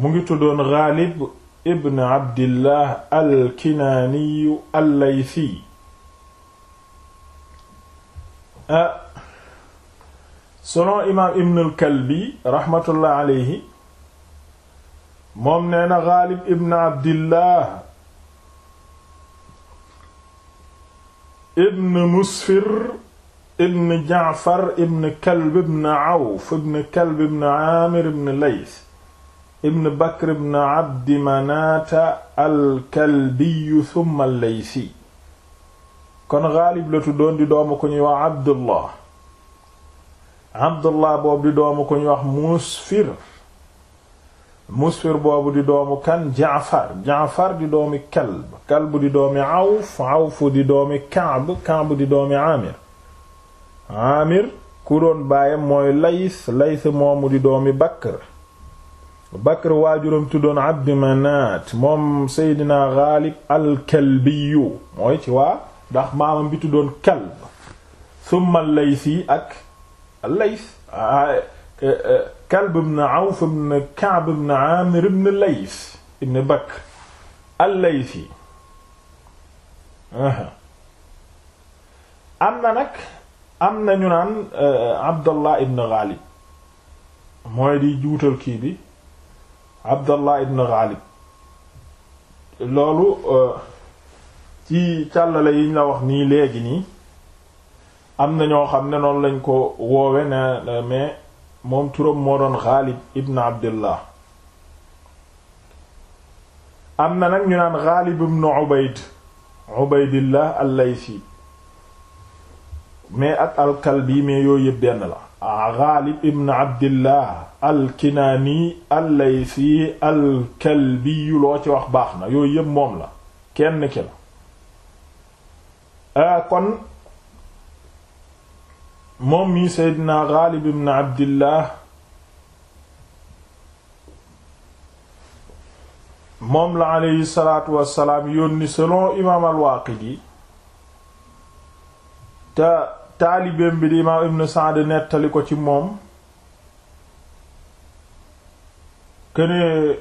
mu ngi tuddoon Ghalib ibn Abdillah al-Kinaaniyu al-Laythi ah selon imaam Ibn al-Kalbi rahmatullah aleyhi moom nee na Ghalib ibn Abdillah ibn Musfir ibn Ja'far ibn Kalb ibn Awf ibn Kalb ibn Aamir ibn Layth ibn bakr ibn abdi manata alkalbiyu thumma alleysi kon gaalib la tuddoon di doomu ko ñuy wax abdullah abdullah boobu di doomu ko ñuy wax musfir musfir boobu di doomu kan jaafar jaafar di doomi kalb kalb di doomi awf awf di doomi kaab kaab di doomi aamir aamir ku doon baayam mooy lays lays moomu di doomi bakr Bakr waajuram tuddoon Abd Manat moom Seydina Ghalib al-Kalbiyu mooy ci waa ndax maamam bi tuddoon Kalb thumma al-Laythi ak al-Layth eh, eh, Kalb ibn Awf ibn Ka'b ibn Amir ibn Layth ibn Bakr al-Laythi am na nag am na ñu naan eh, Abdallah ibn Ghalib mooy di juutal kii bi abdallah ibn ghalib loolu euh, ci yi yiñ la wax nii léegi nii am na ñoo xam ne noonu lañ ko woowe ne mais moom turam moo doon ghalib ibn abdullah am na nag ñu naan ghalib ibn ubayd ubaydillah al-laythi mais ak al-kalbi mais yooyu yëpp benn la Ghalib ibn Abdillah al-Kinaani al-Laythi al-Kalbi loo ci wax baax na yooyu yëpp moom la kenn ki la euh, kon moom mi Seydina Ghalib ibn Abdillah moom la aleyhi salaatu wassalaam yónni selon imaam al-Waaqidi te taalibeem bi di ibn Saad nettali ko ci moom kënee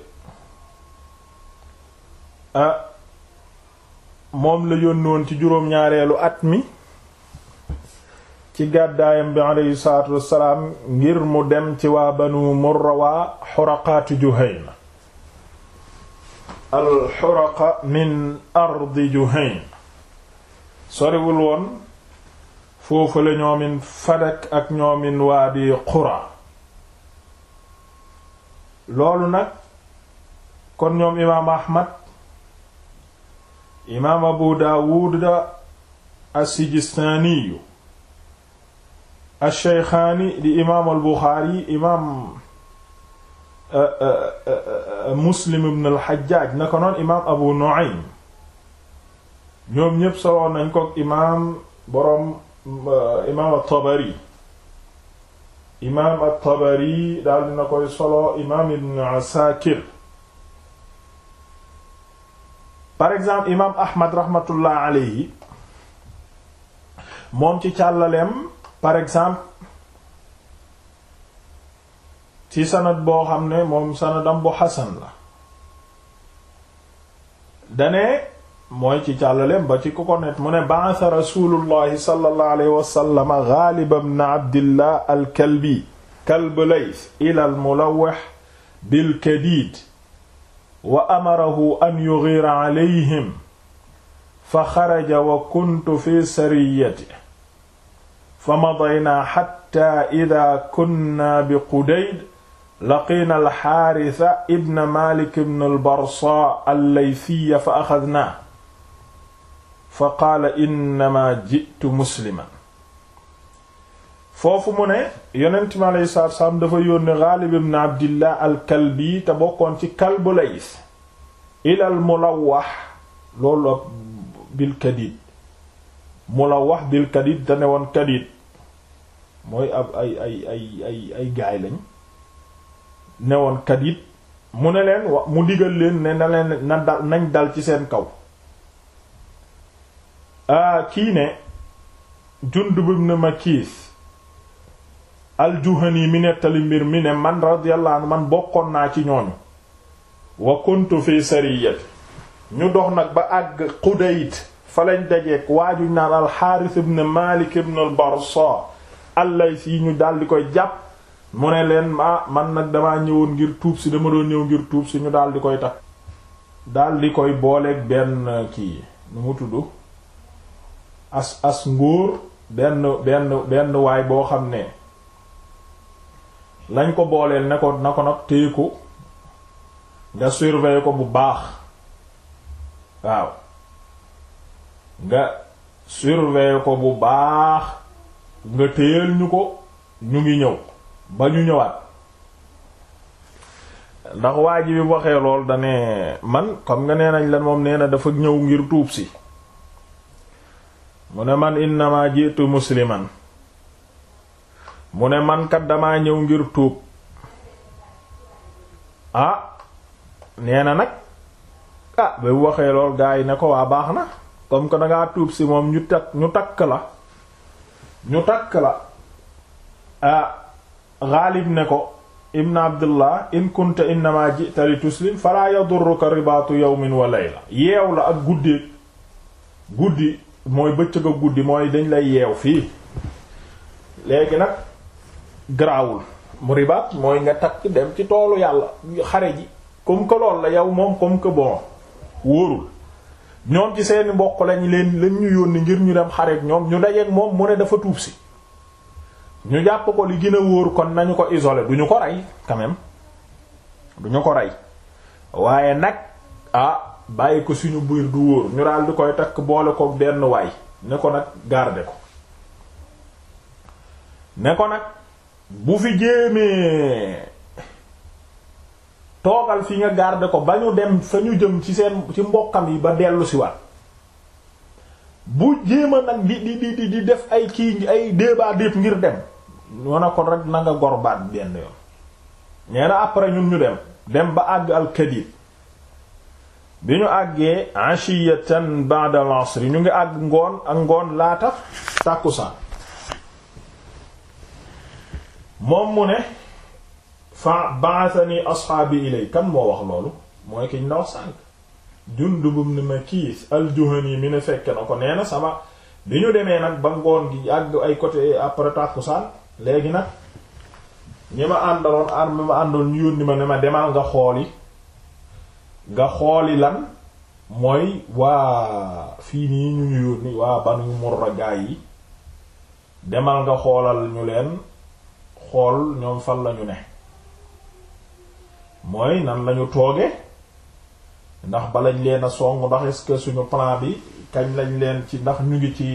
ah, moom la yónnoon ci juróom-ñaareelu at mi ci gàddaayam bi aleyhi salaatu wassalaam ngir mu dem ci waa banu murra waa xuraqaatu Juhayna al xuraqa min ardi Juhayna soriwul woon foofu la ñoomin Fadak ak ñoomin Waadi Qura loolu nag kon ñoom imaam Ahmad imaam Abu Daawud as-Sijistaaniyu di imaam al-Buxaari imaam Muslim ibn al-Hajjaaj na ko noon imaam Abu Nu'aym ñoom ñépp soloon nañ ko imaam boroom imaam at-Tabari imaam at-Tabari daal dina koy solo imaam Ibn Asakir par exemple imaam Ahmad rahmatullah alayhi moom ci càllaleem par exemple ci sanad boo xam ne moom sanadam bu xasan la dane mooy ci càllaleem ba ci ku ko net mu ne ba'atha rasulullahi sallallahu alayhi wasallam Ghalib ibn Abdillah al-Kalbi kalb Layth ila al-Mulawwih bil Kadid wa amarahu an yughira alayhim fa xaraja wa kuntu fi sariyatihi fa madaynaa xatta idaa kunna bi Qudayd laqiina al-Haarisa ibn Maalik ibn al-Barsaa al-Laythiyya fa axadnaahu fa qaala innama jitu musliman foofu mu ne yonent mi aleyhi salaatu dafa yónni Gaalib ibn Abdillah al te bokkoon ci Kalbu Lays ilal Mulawwax loolu ab bil Kadiid Mulawwax bil Kadiid da ne woon Kadiid mooy ab ay ay ay ay gaay lañ ne woon Kadiid mu ne leen wa mu digal leen ne na leen na dal nañ dal ci seen kaw kii ne Jundub ibn Makiis al-Juhani mi nettali mbir mi ne man radiyallahu anhu man bokkoon naa ci ñooñu wa kuntu fi sariyati ñu dox nag ba àgg Qudayt falañ lañ dajeek waajuñ naan al-Haaris ibn Maalik ibn al-Barsa allays yi ñu daldi koy jàpp mu ne leen ma man nag damaa ñëwoon ngir tuub si dama doon ñëw ngir tuub si ñu daldi koy takk daldi koy booleeg benn kii nu mu tudd as as ngóor benn benn benn waay boo xam ne lañ ko booleel ne ko na ko nag téye ko nga surveiller ko bu baax waaw nga surveiller ko bu baax nga téyel ñu ko ñu ngi ñëw ba ñu ñëwaat ndax waa ji bi waxee lool dane man xam nga nee nañ la moom nee na dafa ñëw ngir tuub si mu ne man innama jiitu musliman mu ne man kat ñëw ngir tuub ah nee na nag ah ba waxee lool gaa yi ne ko waa baax na comme que dangaa tuub si moom ñu takk ñu takk la ñu takk la ah Ghalib ne ko ibn abdullah in kunta innama ji'ta li tuslim falaa yadurruka ribaatu yawmin wa layla yeew la ak guddi guddi mooy bëccëg ak guddi mooy dañ lay yeew fii léegi nag garaawul mu ribaat mooy nga takk dem ci toolu yàlla xare ji comme que loolu la yow moom comme que bon wóorul ñoom ci seeni mbokk lañ leen lañ ñu yónni ngir ñu dem xare ñoom ñu dajeek moom mu ne dafa tuub si ñu jàpp ko li gën a wóor kon nañu ko isolé du ñu ko rey quand même du ñu ko rey waaye nag ah bàyyi ko suñu biir du wóor ñu daal di koy takk boole ko benn waay ne ko nag garde ko ne ko nag bu fi jéemee toogal fi nga garder ko ba ñu dem fa ñu jëm ci seen ci mbokkam yi ba dellu si waat bu jéema nag di di di di def ay kii ay déebaa déeb ngir dem ñoo na kon rek na nga gorbaat benn yoon ñee après ñun ñu dem dem ba àgg alkadib bi ñu àggee ashiyatan ba'da al-asr ñu ngi àgg ngoon ak ngoon laata tàkkusaan moom mu ne fa ba'athani asxaabi ilay kan moo wax loolu mooy kiñ la jun sànk Jundub ma Makiis al-Juhani mi ne fekke na ko nee na sama bi ñu demee nag ba ngoon gi àgg ay côté après tàkkusaan léegi nag ñi ma àndaloon ar ma àndoon ñu yónni ma ne ma demal nga xooli nga xooli lan mooy waa fii nii ñu ñu yónni waa Banu Murra gaay yi demal nga xoolal ñu leen xool ñoom fan lañu ne mooy nan lañu tooge ndax balañ leen a song ndax est suñu plan bi kañ lañ leen ci ndax ñu ngi ci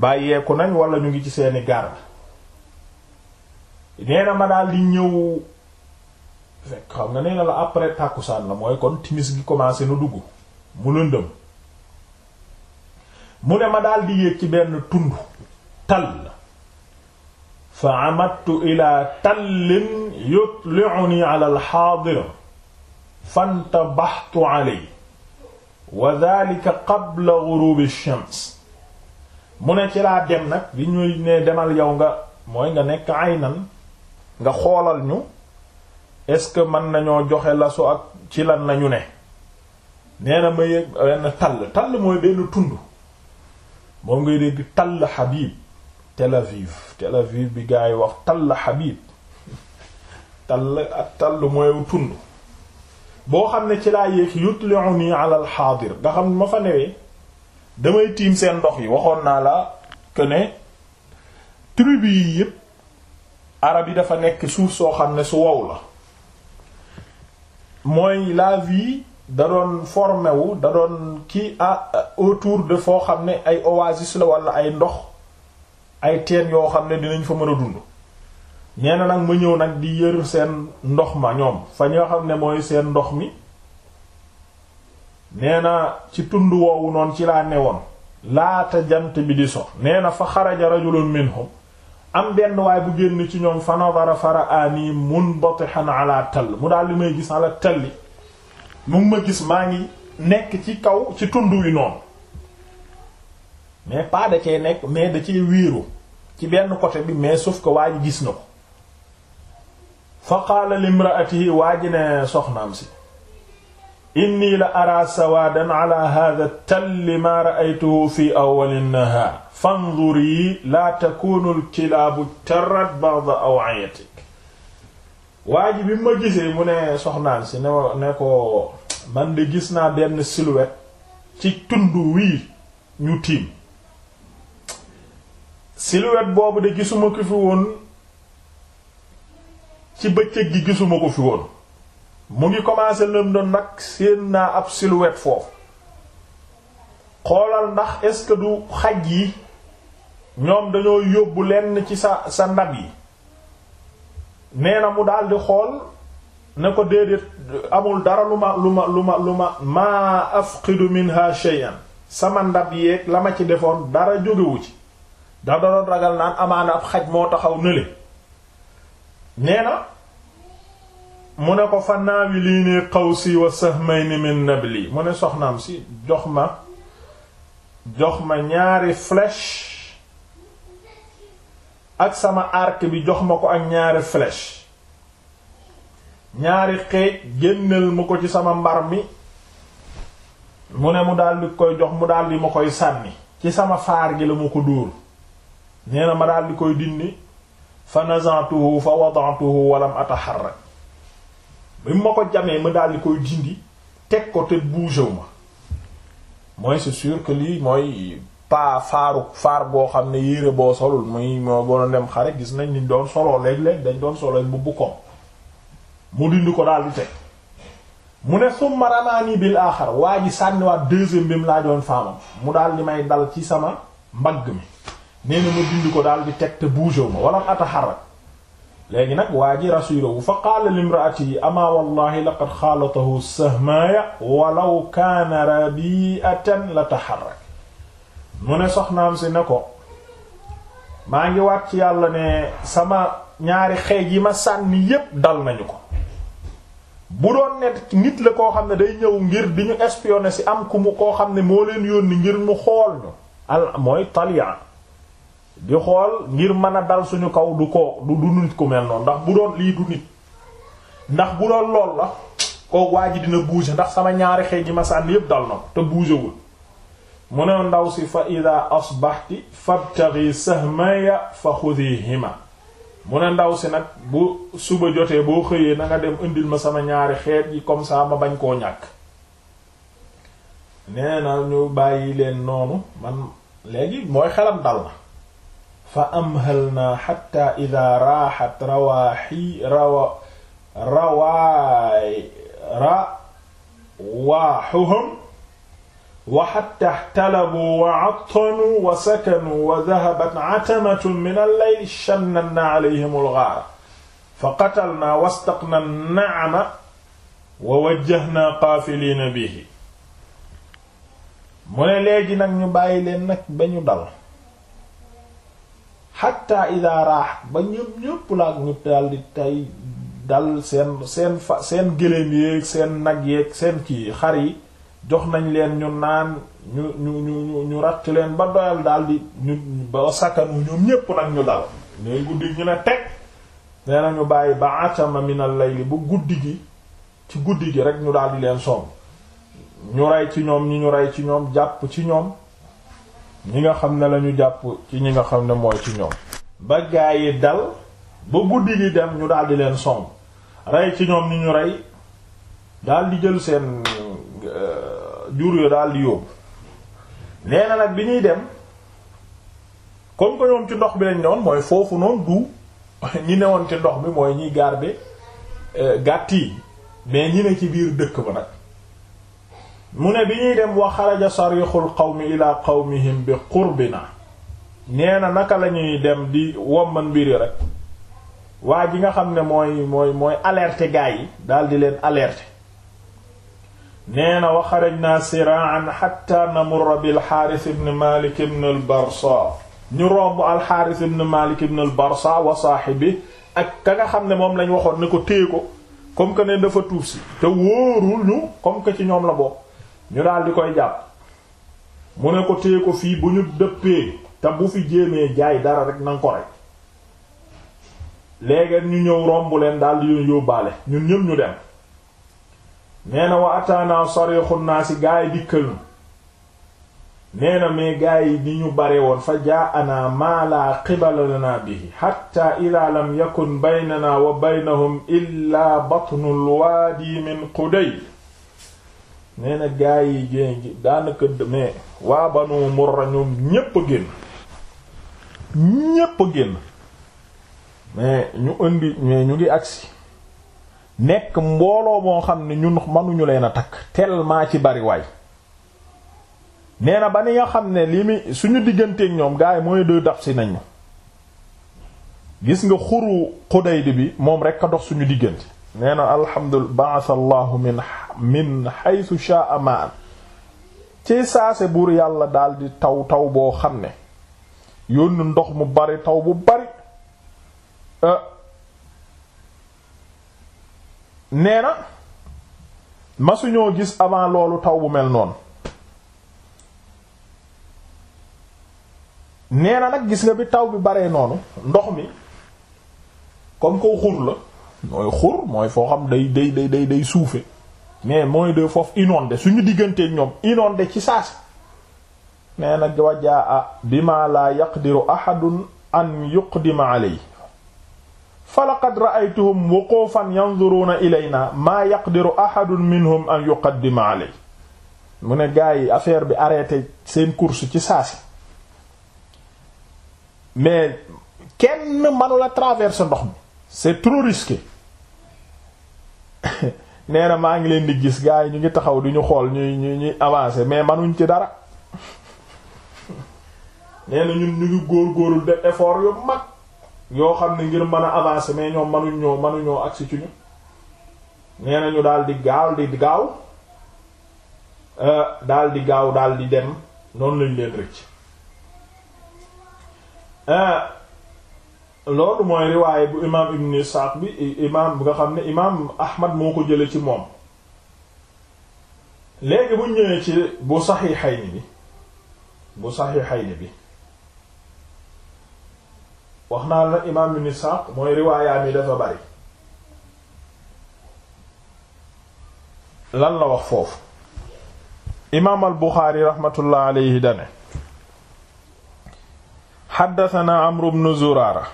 bàyyeeku nañ wala ñu ngi ci seeni garde nee ma daal di ñëw fekk xam nga nee na la après tàkkusaan la mooy kon timis gi commencé na dugg mu lëndëm mu ne ma daal di yéeg ci benn tund tall fa amadtu ila tallin yutli'uni ala al-haadir fantabahtu alayhi wa dhalika qabla ghurub ash mu ne ci laa dem nag bi ñuy ne demal yow nga mooy nga nekk aynan nga xoolal ñu est-ce que mën nañoo joxe lasu ak ci lan nañu ne nee na ma yëg benn tall tall mooy benn tund moom ngay dégg tall Habib Tel Aviv Tel Aviv bi gaa yi wax tall Habib tall ak tall mooy tund boo xam ne ci laa yéeg yutli'uni ala al-hadir nga xam ma fa newee damay tiim seen ndox yi waxoon naa la que ne tribu yi yépp arab yi dafa nekk suuf soo xam ne su wow la mooy la vie da doon formé da doon kii à autour de foo xam ne ay oasis la wala ay ndox ay teen yoo xam ne dinañ fa mën a dund nee nag ma ñëw nag di yër seen ndox ma ñoom fa ñoo xam ne mooy seen ndox mi nee na ci tund woowu noonu ci laa newoon laata jant bi di so nee na fa xaraja rajulun minhum am benn waay bu génn ci ñoom fanadara fara ani munbatihan ala tall mu daal li may gis ala talli mu ngi ma gis maa ngi nekk ci kaw ci tund wi noonu mais pas da nekk mais da ci wiiru ci benn côté bi mais suuf ko waa gis na ko fa qaala limraatihi waa ji ne soxnaam si inni la araa sawaadan ala hada talli maa raaytuhu fi awali nahaar fanzuri laa takunu lkilaabu tarat bada awayatik waa ji bi ma gisee mu ne soxnaan si ne ne ko man de gis naa benn silhouette ci tund wii ñu tiim silhouette boobu de gisuma ko fi woon ci bëccëg gi gisuma ko fi woon mu ngi commencé lëndëm nag séen naa ab silhouette foofu xoolal ndax est-ce que du xaj yi ñoom dañoo yóbbu lenn ci sa sa ndab yi nee na mu daldi xool ne ko déedéet amul dara lu ma luma ma lu ma lu ma maa afqidu shay'an sama ndab yeeg la ma ci defoon dara jógewu ci da doon ragal naan amaana ab xaj moo taxaw nële nee na mu ne ko fa naawi lii ne qawsi wa na bi lii mu ne soxnaam si jox ma jox ma ñaari flèche ak sama arc bi jox ma ko ak ñaari flèche ñaari xeej génneel ma ko ci sama mbar mi mu ne mu daldi koy jox mu daldi ma koy sànni ci sama faar gi la mu ko dóor nee na ma daldi koy dindi fa nazantuhu fa wada'tuhu walam ataharrak bi ma ko jamee ma daal di koy dindi teg ko te bougé wu ma mooy c'est sûr que lii mooy pas faaru faar boo xam ne yére boo solul muy moo boona dem xare gis nañ ni doon soloo léeg-léeg dañ doon soloo bu bukkoom mu dindi ko daal di teg mu ne summa ramaani bil aaxar waa ji sànniwaat deuxième bi mu laajoon faamam mu daal di may dal ci sama mbagg mi nee na dindi ko daal di teg te bougé wu ma wala ataxarak léegi nag waa ji rasuluhu fa qaala limraatihi ama wallahi laqad xaalatahu sahmaaya walaw kaana rabiatan la taxarrak mu ne soxnaam si ne ko maa ngi waat ci yàlla ne sama ñaari xeej yi ma sànni yépp dal nañu ko bu doon ne nit la koo xam ne day ñëw ngir di ñu espionner si am ku mu koo xam ne moo leen yónni ngir mu xool ñu al mooy talian di xool ngir mën a dal suñu kaw du ko du du nit ku mel noonu ndax bu doon lii du nit ndax bu doon lool la kooku waa ji dina buuse ndax sama ñaari xeet yi ma sànni yépp dal na te bougewul mu ne ndaw si fa ida asbahti fabtaghi sahmaya fa khudhihima mu ne ndaw si nag bu suba jotee boo xëyee na nga dem indil ma sama ñaari xeet yi comme ça ma bañ koo ñàkk nee na ñu bàyyi leen noonu man léegi mooy xelam dal na fa amhalnaa xatta idaa raaxat rawaaxi rawa rawaay rawaaxuhum wa xatta ixtalabuu wa attanuu wa sakanuu wa dahabat atamatun min al-layli shannannaa alayhim al-ghaara fa qatalnaa wastaqnaa an-na'ama wa wajjahnaa qaafiliina bihi mu ne léegi nag ñu bàyyi leen nag ba ñu dal xatta ida raax ba ñëpp ñëpp laak ñu daldi tey dal seen seen fa seen gëléem yeeg seen nag yeeg seen kii xar yi jox nañ leen ñu naan ñu ñu ñu ñu ratt leen ba doyal daldi ñu ba sakanu ñoom ñëpp nag ñu dal ñooy guddi ñu ne teg nee na bàyyi ba atama minal layli bu guddi gi ci guddi gi rek ñu daldi leen somm ñu rey ci ñoom ñi ñu rey ci ñoom jàpp ci ñoom ñi nga xam ne lañu jàpp ci ñi nga xam ne mooy ci ñoom ba gaa yi dal ba guddi gi dem ñu daldi leen somb rey ci ñoom ni ñu rey daldi jël seen euh, jur yo daldi yóbbu nee nag bi ñuy dem comme que ñoom ci ndox bi ñoom mooy foofu noonu du ñi woon ci ndox bi mooy ñiy garder euh, gàtt yi mais ñi ne ci biir dëkk ba nag mu ne bi ñuy dem wa xaraja sarixul qawmi ila qawmihim bi qurbina nee na naka la ñuy dem di womman mbiri rek waa ji nga xam ne mooy mooy mooy gaa yi daal di leen alerte nee na wa xarajna siraan xatta namurra bil xaaris ibn malik ibn al barsa ñu romb al xaaris malik ibn al wa saaxibi ak ka nga xam ne moom lañ waxoon ne ko téye ko comme que ne dafa tuub si te wóorul ñu comme que ci ñoom la bokk ñu daal di koy jàpp mu ne ko téye ko fii bu ñu dëppee te bu fi jéemee jaay dara rek nanga ko rek léegi ñu ñëw romb leen daal di leen yóbbaale ñu ñëpp ñu dem nee na wa ataana sarixu naa si gaa yi dikkal ñu nee na mais yi ni ñu bare woon fa jaa ana maa laa qibala lana bihi xatta ida lam yakun baynana wa baynahum illa batnul waadi min quday nee na gaa yi génn daanaka mais waa Banu Murra ñoom ñépp a génn ñépp a génn mais ñu indi mais ñu ngi agsi nekk mbooloo moo xam ne ñun mënuñu leen a takk tellement ci bari waay nee ba ni nga xam ne li mi suñu digganteeg ñoom gars yi mooy de dab si nañu gis nga xuru Xudayd bi moom rek a dox suñu diggante nee na alhamdul ba'atha allahu min min haythu sha'a ma'an buur yàlla daal taw taw boo xam ne yónni ndox mu bari taw bu bari nee na masuñoo gis avant loolu taw bu mel noonu neena nag gis nga bi taw bi baree noonu ndox mi comme ko xur la mooy xur mooy foo xam day day day day day suufe mais mooy de foofu inondé suñu digganteeg ñoom inondé ci saa mais nag wajaa a ah, bima la yaqdiru ahadun an yuqdima aley fa laqad ra'aytuhum wuqufan yanzuruna ilayna maa yaqdiru ahadun minhum an yuqaddima aley mu ne gars yi affaire bi arrêté seen course ci saasi mais kenn mënula traverse ndox mi c'est trop risqué nee na maa ngi leen di gis gars yi ñu ngi taxaw di ñu xool ñuy ñuy ñuy avancer mais manuñ ci dara nee na ñu ngi góorgóorlu def effort yu mag yoo xam ne ngir mën a avancer mais ñoom manuñ ñoo manuñoo agsi ci ñu nee na ñu daal di gaaw di gaaw euh, daal di gaaw daal di dem noonu lañ leen rëcc. Euh, loolu mooy riwaaye bu imaam Ibn Isxaaq bi imaam nga xam ne imaam Ahmad moo ko jële ci moom léegi bu ñëwee ci bu saxiixayni bi bu saxiixayni bi wax naa la imaam Ibn Isxaaq mooy riwaayaam yi dafa bari lan la wax foofu imaam al Buxaari raxmatullah alayhi dane xaddatana Amru bnu Zuraara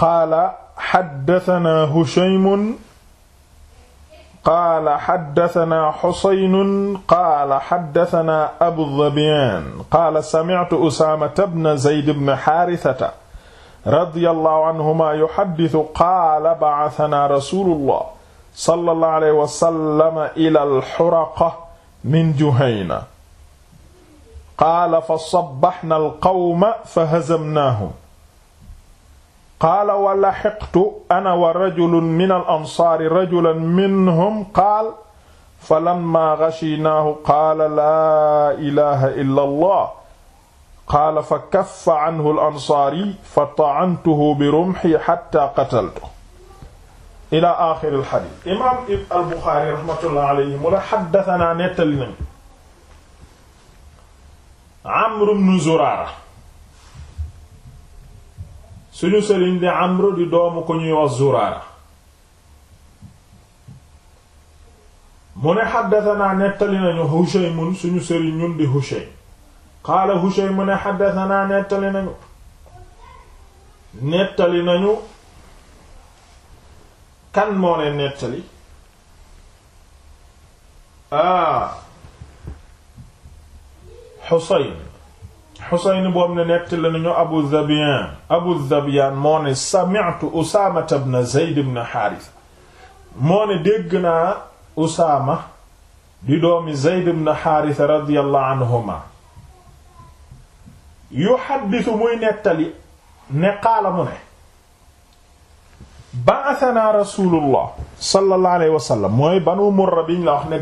qaala xaddatanaa hushaymun qaala xaddatanaa xusaynun qaala xaddatanaa abu dhabian qaala samictu usaamata bna zayd bna xaarisata radiyallahu anhuma yuxaddisu qaala bacatanaa rasulullah sallallahu alayhi wa sallam ilal xuraqa min juhayna qaala fa sabbaxna alqawma fa hazamnaahum qaala wa laxiqtu ana wa rajulun min al ansaari rajulan minhum qaal fa lamma gashinaahu qaala laa ilaha illa allah qaala fa kaffa anhu al ansaari fa taantuhu bi rumxi xatta qataltu ila axiri alxadis imam al buxaari raxmatullah alayhi mu la xaddatanaa nettali nañ amru bnu zuraara suñu sëriñ di Amr di doomu ko ñuy wax Zuraara mu ne naa nettali nañu Hushaymun suñu sëriñ ñun di Hushaym qaala Hushaym mu ne xaddatanaa nettali nañu nettali nañu kan moo ne nettali ah Husayn Xuseyn boobu ne nettali nañu Abu Zabiyan Abu Zabiyan moo ne sami'tu Usaama ibn Zayd ibn Haarisa moo ne dégg naa Usaama di doomi Zayd ibn Haarisa radiyallahu anhuma yuhaddisu muy nettali ne qaala mu ne ba'athanaa Rasuulullah sallallahu alayhi wa sallam mooy Banu Murra biñ la wax ne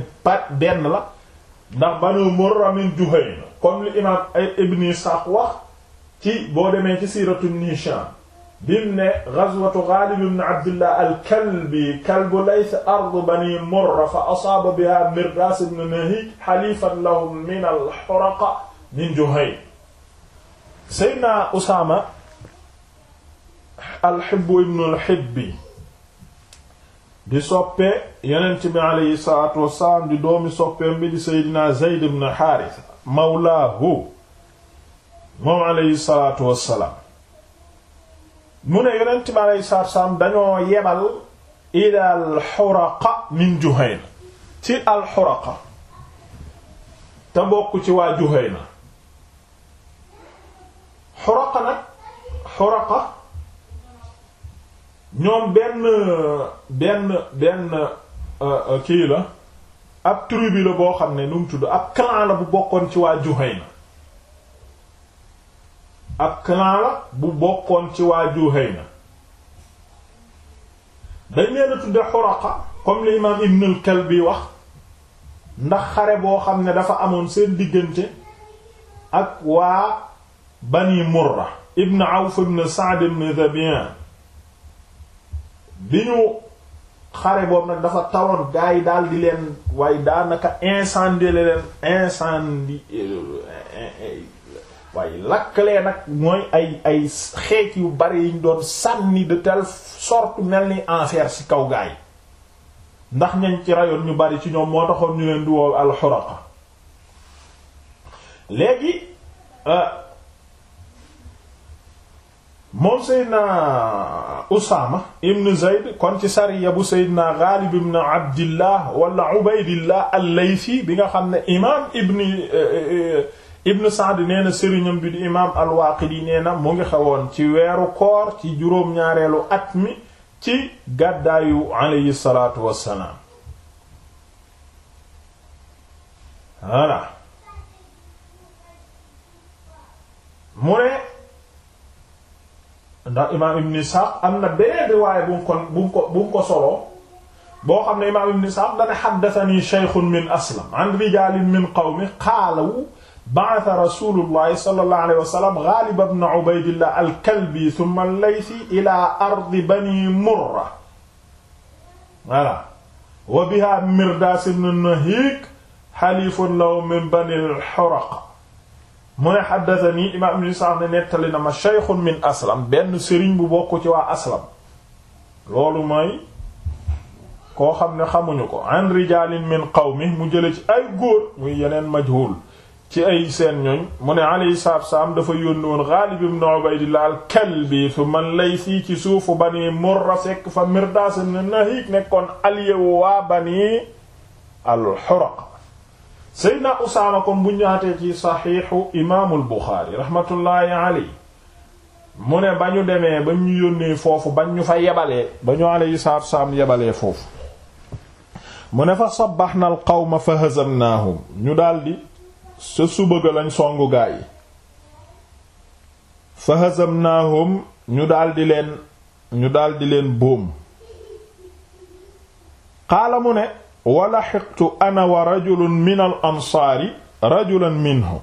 benn la ndax banu Murra min Juhayna comme li imaam Ibn Ishaq wax ci boo demee ci siiratu Hisham bim ne ghazwatu Ghalib ibn Abdullah al-Kalbi kalbu Layth ardu bani Murra fa asaaba biha Mirdas ibn Nahik halifan lahum min al-Huraqa min Juhayna Seydina Usaama al-Hibb ibn al-Hibbi di soppe yonent bi aleyhi salaatu wassalaam di doomi soppe bi di seydina Zayd ibn Haarisa mawlaahu moom aleyhi salaatu mu ne yonent bi aleyhi salaatu wassalaam dañoo yebal ila al-Huraqa min Juhayna ci al-Huraqa te bokk ci waa Juhayna Huraqa nag ñoom benn benn benn euh, euh, kii la ab tribu la boo xam ne nu mu tudd ab clan la bu bokkoon ci waa Juhayna ab clan la bu bokkoon ci waa Juhayna dañ leen a tudde Xuraqa comme li imaam Ibn al-Kalbi wax ndax xare boo xam ne dafa amoon seen diggante ak waa Bani Murra ibn Awf ibn Sa'd ibn Dhabian bi ñu xare boobu nag dafa tawoon gars yi daal di leen waaye daanaka incendier leen incendie euh, waaye lakklee nag mooy ay ay xeet yu bari yiñ doon sànni de tele sorte mel ni enfer ci kaw gars ndax ñañ ci rayoon ñu bari ci ñoom moo taxoon ñu leen di woo alxuraqa léegi. Euh, moom Seydina Usaama ibn Zayd kon ci sariya bu Seydina Gaalib ibn Abdillah wala Ubaydillah al bi nga xam ne imaam ibn eh, eh, ibn Sa'd nee na sëriñam bi di imaam al-Waaqidi mu ngi xewoon ci weeru koor ci juróom-ñaareelu at mi ci gàddaayu alayhi salaatu wassalaam voilà mu ne ndax imaam ibn Isaaq am na beneen riwaaya bu mu ko bu mu ko bu mu ko soloo boo xam ne imaam ibn Isaaq dana haddathanii shaykhun min aslam an rijaalin min qawmi qaalu ba'atha rasuulullahi sallallahu alayhi wa sallam Ghaalib ibn Ubaydillah al-Kalbi thumma al-Laythi ilaa ardi banii Murra voilà wa bihaa Mirdaas ibn Nahiik haliifun lahu min banii al-Huraqa mu ne xaddatani imaam ibn Sa'd ne nettali na ma shaykhun min aslam benn sëriñ bu bokk ci waa aslam loolu mooy koo xam ne xamuñu ko an rijalin min qawmi mu jële ci ay góor muy yeneen majhul ci ay seen ñooñ mu ne alayhi salaatu salaam dafa yónni woon Gaalib ibn Ubaydillah al-Kalbi thumma al-Laysi ci suufu bani Murra sekk fa Mirdaas ibn Nahiik nekkoon allié waa bani al-Huraq Seydina Usaama kon bu ñaatee ci saxiixu imaamul Buxaari rahmatullahi alayhi mu ne ba ñu demee ba ñu yónnee foofu ba ñu fa yebalee ba ñu alayhi salaatu salaam yebalee foofu mu ne fa sabbaxna al qawma fa hazamnaahum ñu daldi sa suba ga lañ songu gaa yi fa hazamnaahum ñu daldi leen ñu daldi leen boom xaala mu ne wa laxiqtu ana wa rajulun min al ansaari rajulan minhu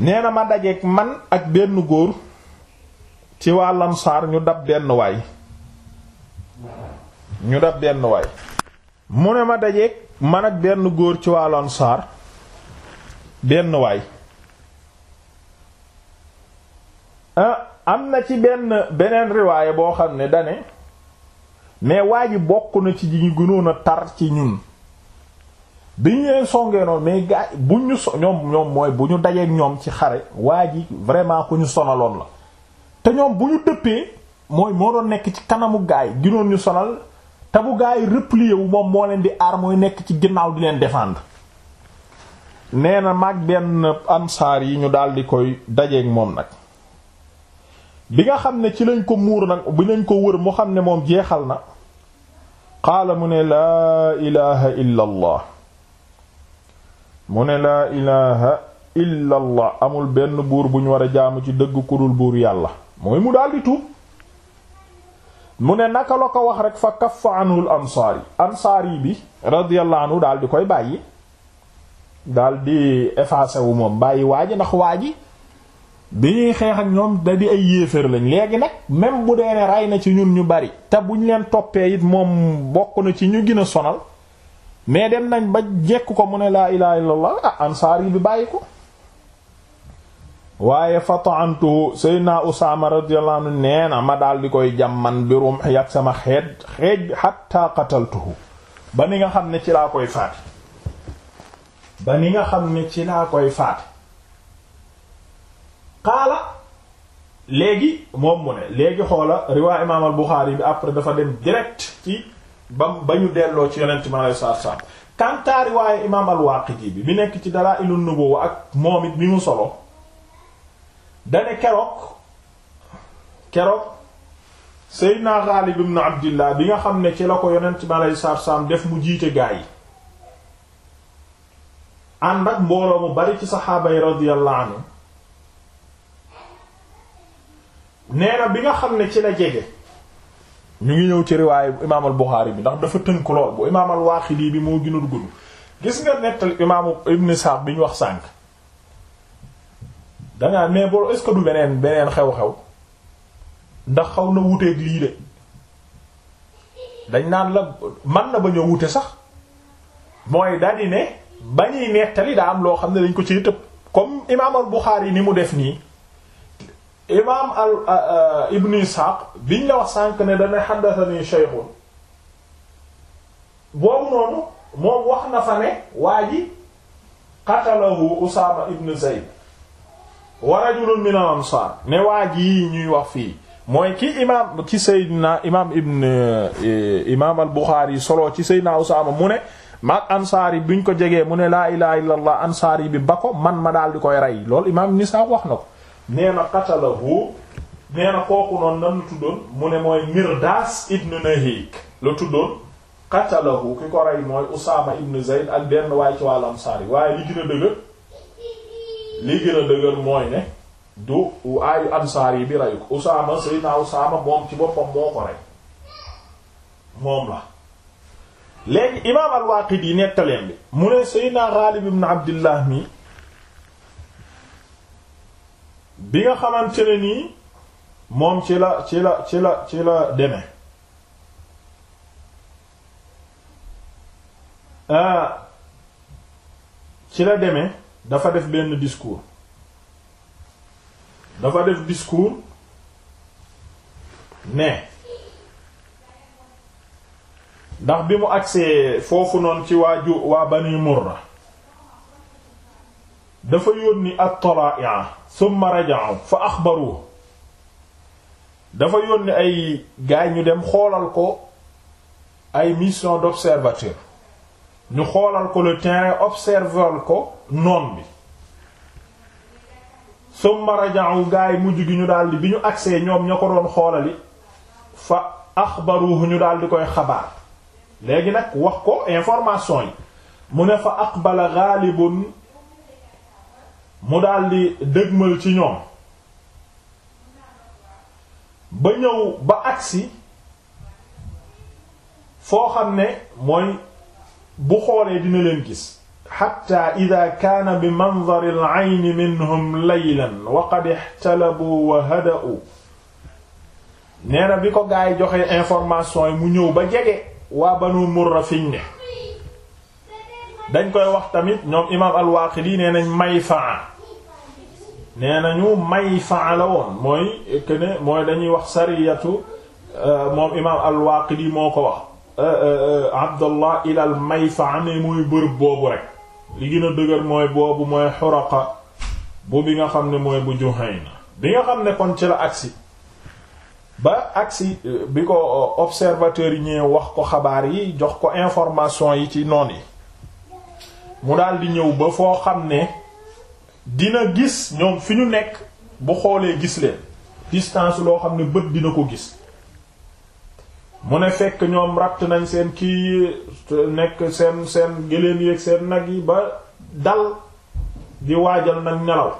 nee ma dajeeg man ak benn góor ci waa lansaar ñu dab benn waay ñu dab benn mu ne ma dajeeg man ak benn góor ci waa lansaar benn waay ah, am na ci benn beneen riwaaye boo xam ne dane mais waa ji bokk na ci ñu gënoon a tar ci ñun bi ñu leen songee noonu mais gaa bu ñu so ñoom ñoom mooy bu ñu dajeek ñoom ci xare waa ji vraiment ku ñu sonaloon la te ñoom bu ñu dëppee mooy moo doon nekk ci kanamu gaay ginoon ñu sonal te bu gaay yi replier wu moom moo leen di aar mooy nekk ci ginnaaw di leen défendre nee na mag benn ansaar yi ñu daal di koy dajeek moom nag bi nga xam ne ci lañ ko muur nag bi lañ ko wër moo xam ne moom jeexal na qaala mu ne laa ilaha illa allah mu ne laa ilaha illa allah amul benn buur bu ñu war a jaamu ci dëgg ku dul buur yàlla mooy mu daldi tuub mu ne naka la ko wax rek fa kaffa anhu l ansaari ansaari bi radiyallahu anhu daal di koy bàyyi daal di effacé wu moom bàyyi waa ji ndax waa ji bi ñuy xeex ak ñoom da di ay yéeféer lañ léegi nag même bu dee ne rey na ci ñun ñu bari te buñ leen toppee it moom bokk na ci ñu gën a sonal mais dem nañ ba jekk ko mu ne laa ilaha illallah ah ansaar yi bi bàyyi ko waaye fataantuhu saydna usaama radiyallahu anhu nee na ma daal di koy jàmman bi rum ak sama xeet xeej bi hatta qataltuhu ba ni nga xam ne ci laa koy faat ba ni nga xam ne ci laa koy faat qaala léegi moom mu ne léegi xoola riwaa imaam al Buxaari bi après dafa dem direct ci bam ba ñu delloo ci yonent mi alayhi salaatu salaam kantaa riwaaya imaam al bi bi nekk ci Dalaa'ilun Nubuwwa ak moom it bi mu solo dane keroog keroog Seydina Xaalid ibn Abdillah bi nga xam ne ci la ko yonent mi alayhi salaatu salaam def mu jiite gaa yi ànd ak mbooloo mu bari ci saxaaba yi radiyallahu anhu nee na bi nga xam ne ci la jege ñu ngi ñëw ci riwaaye bu imaamal Buxaari bi ndax dafa tënk lool bu imaamal Waaqidi bi moo gën a gis nga nettal imaamu Ibn Sa'd bi ñu wax sànq dangaa mais boo est du beneen beneen xew-xew ndax xaw na wuteeg lii de dañ naan la man na bañ a wute sax mooy daldi ne bañuy nettali daa am loo xam ne dañ ko ci tëb comme imaamal Buxaari ni mu def nii imaam al ibn Isxaaq biñ la wax sànq ne dana xaddatani shaykhun boobu noonu moom wax na fa ne waa ji qatalahu Usaama ibn Zayd wa rajulun min al ansaar ne waa ji yii ñuy wax fii mooy ki imaam ci Seydina imaam ibn e, imaam al Buxaari solo ci Seydina Usaama mu ne maag ansaar yi buñ ko jegee mu ne laa ilaaha illallaah ansaar yi bi ba ko man ma daal di koy rey loolu imaam ibn Isxaaq wax na ko nee na qatalahu nee na kooku noonu nan la tuddoon mu ne mooy mirdas ibn nahik la tuddoon qatalahu ki ko rey mooy usaama ibn zayd ak benn waay ci wàllam sari waaye li gën dëgër li gën dëgër mooy ne du aayu ansaar yi bi reyu ko usaama sayyidina usaama moom ci boppam moo ko rey moom la léegi imaam al-Waaqidi nettaleen bi mu ne sayyidina Gaalib ibn Abdillah mi bi nga xamante ne nii moom ci la ci la ci la ci la deme ah ci la deme dafa def benn discours dafa def discours ne ndax bi mu agsee foofu noonu ci waa ju waa Bani Murra dafa yónni at-tala'a summa raja'u fa axbaruhu dafa yónni ay gaay ñu dem xoolal ko ay mission d'observateur ñu xoolal ko le terrain observer ko noon bi summa raja'u gaay mujj gi ñu daldi bi ñu agsee ñoom ña ko doon xoolali fa axbaruhu ñu daldi koy xabaar léegi nag wax ko information yi mu ne fa aqbala ghalibun mu daldi dëgmal ci ñoom ba ñëw ba agsi foo xam ne mooy bu xoolee dina leen gis xatta ida kaana bi mandari al-ayni minhum laylan wa qad ixtalabu wa hada'u nee bi ko gaa yi joxe information yi mu ñëw ba jege waa banu murra fiñ ne dañ koy wax tamit ñoom imaam al-Waaqidi nee nañ may faa nee nañu may faala woon mooy këne mooy dañuy wax sariyatu euh, moom imaam al-Waaqidi moo ko wax euh, euh, Abdallah ilal may faane mooy bërëb boobu rek li gën a dëgër mooy boobu mooy Xuraqa bu bi nga xam ne mooy bu Juhayna bi nga xam ne kon ci la agsi ba agsi bi ko observateur yi ñëw wax ko xabaar yi jox ko information yi ci noon yi mu daal di ñëw ba foo xam ne dina gis ñoom fi ñu nekk bu xoolee gis leen distance loo xam ne bët dina ko gis mu ne fekk ñoom ratt nañ seen kii nekk seen seen gëléem yeeg seen nag yi ba dal di waajal nag nelaw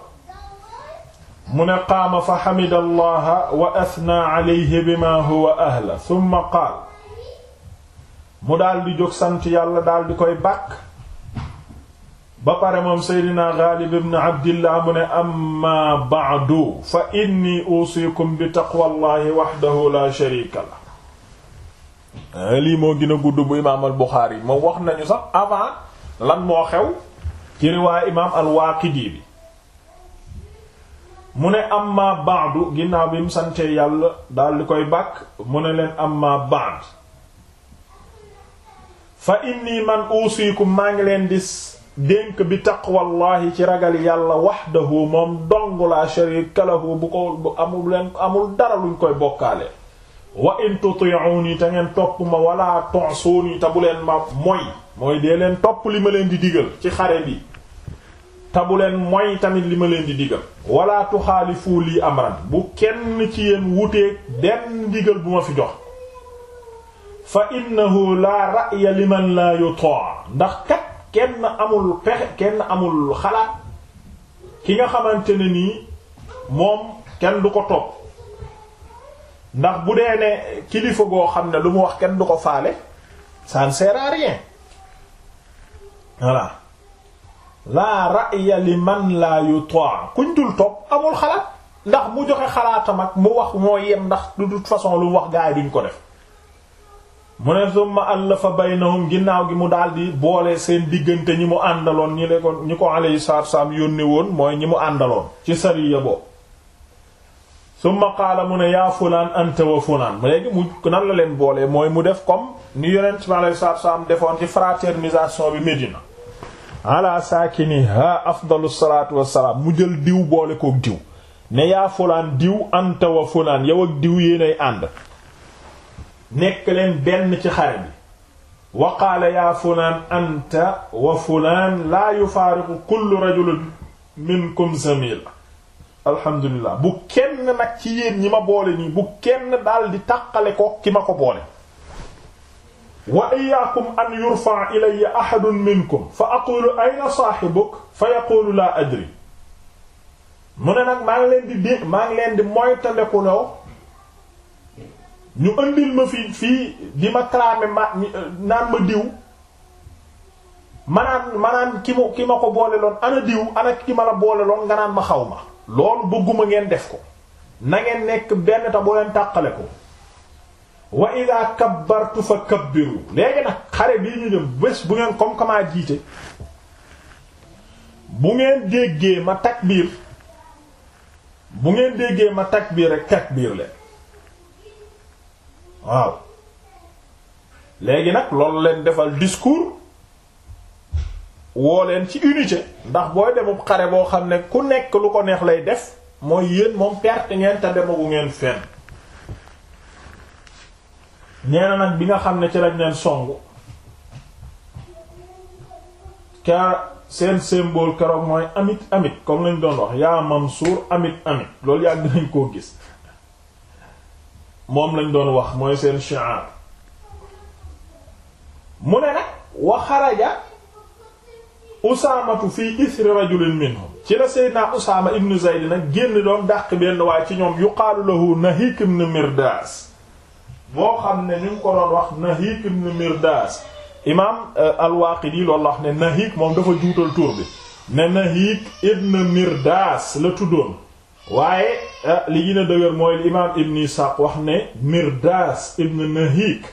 mu ne qaama fa xamida wa athna alayhi bima huwa ahla thumma qaal mu daal di jóg sant yàlla daal di koy bàkk ba pare moom seydina Gaalib ibn Abdillah mu ne amma ba'du fa inni usikum bi taqwallahi wahdahu la sharika la eh, lii moo gën gudd bu imaam al Buxaari moom wax nañu sax avant lan moo xew ci riwaaya imaam al Waaqidi bi mu ne amma ba'du ginnaaw bi mu sante yàlla daal di koy bàkk mu ne leen amma ba'd fa inni man usikum maa ngi leen dis dénk bi taqwallahi ci ragal yàlla waxdahu moom dong la sharika lahu bu ko bu amul dara luñ koy bokkaale wa in tuti'uni te ngeen topp ma wala tu'suni te bu leen moy topp li ma leen di digal ci xare bi te bu leen moy tamit li ma leen di digal wala tuxaalifu lii amran bu kenn ci yéen wuteeg benn digal bu ma fi jox fa innahu la ra'ya liman la yuta ndax kat kenn amul pexe kenn amul xalaat ki nga xamante ne nii moom kenn du ko topp ndax bu dee ne kilifa goo xam ne lu mu wax kenn du ko faale ça ne sert à rien voilà la ra'ya li kuñ dul topp amul xalaat ndax mu joxe xalaatam ak mu wax moo yem ndax du toute façon lu mu wax gaa yi duñ ko def mu ne summa allafa baynahum ginnaaw gi mu daldi boole seen diggante ñi mu àndaloon ñi le ko ñi ko alayhi salaatu salaam yónne woon mooy ñi mu àndaloon ci sariya boobu summa qaala mu ne yaa fulaan anta wa fulaan léegi mu nan la leen boole mooy mu def comme ni yonent bi alayhi salaatu salaam defoon ci fraternisation bi saaki ala saakiniha afdalu salaatu wassalaam mu jël diw boole kook diw ne yaa fulaan diw anta wa fulaan yow ak diw yéenay ànd nekk leen benn ci xare bi wa qaala yaa fulaan anta wa fulaan laa yufaariqu kullu rajulin minkum samila alhamdulilah bu kenn nag ci yéen ñi ma boole nii bu kenn daal di taqale ko ki ma ko boole wa iyaakum an yurfa ilayya ahadun minkum fa aqulu ayna saaxibuk fa yaqulu laa adri mu ne nag maa leen di dé maa ngi ñu andil ma fii fii di ma clamé euh, ma naan ma diw manaan manaan ki ma ki ma ko boole loon ana diw ana ki ma la boole loon nga naan ma xaw ma loolu bëgguma ngeen def ko na ngeen nekk benn ta boo leen tàqale ko wa ida kabbartu fa kabbiru léegi nag xare bii ñu dem bés bu ngeen comme kamaa jiite bu ngeen déggee ma takbiir bu ngeen déggee ma takbiir rek takbiir leen waaw léegi nag loolu leen defal discours woo leen ci unité ndax booy demub xare boo xam ne ku nekk lu ko neex lay def mooy yéen moom perte ngeen te demagu ngeen fenn ñeena nag bi nga xam ne ci lañ leen songu ka seen symbole keroog mooy amit amit comme lañ doon wax yaa Mansuur amit amit loolu yàgg nañ koo gis moom lañ doon wax mooy seen shi'ar mu ne nag wa xaraja usaamatu fii isri rajulin minhum ci la seydinaa usaama ibnu zayd nag génn doon dàq benn waaye ci ñoom yuqaalu lahu nahik ibn mirdaas boo xam ne ñu ngi ko doon wax nahik ibn mirdaas imaam euh, al-Waaqidi loolu la wax ne nahik moom dafa juutal tur bi ne nahik ibn mirdaas la tuddoon waaye eh, li gën a dëgër mooy imaam ibn Isaaq wax ne Mirdaas ibn Nahik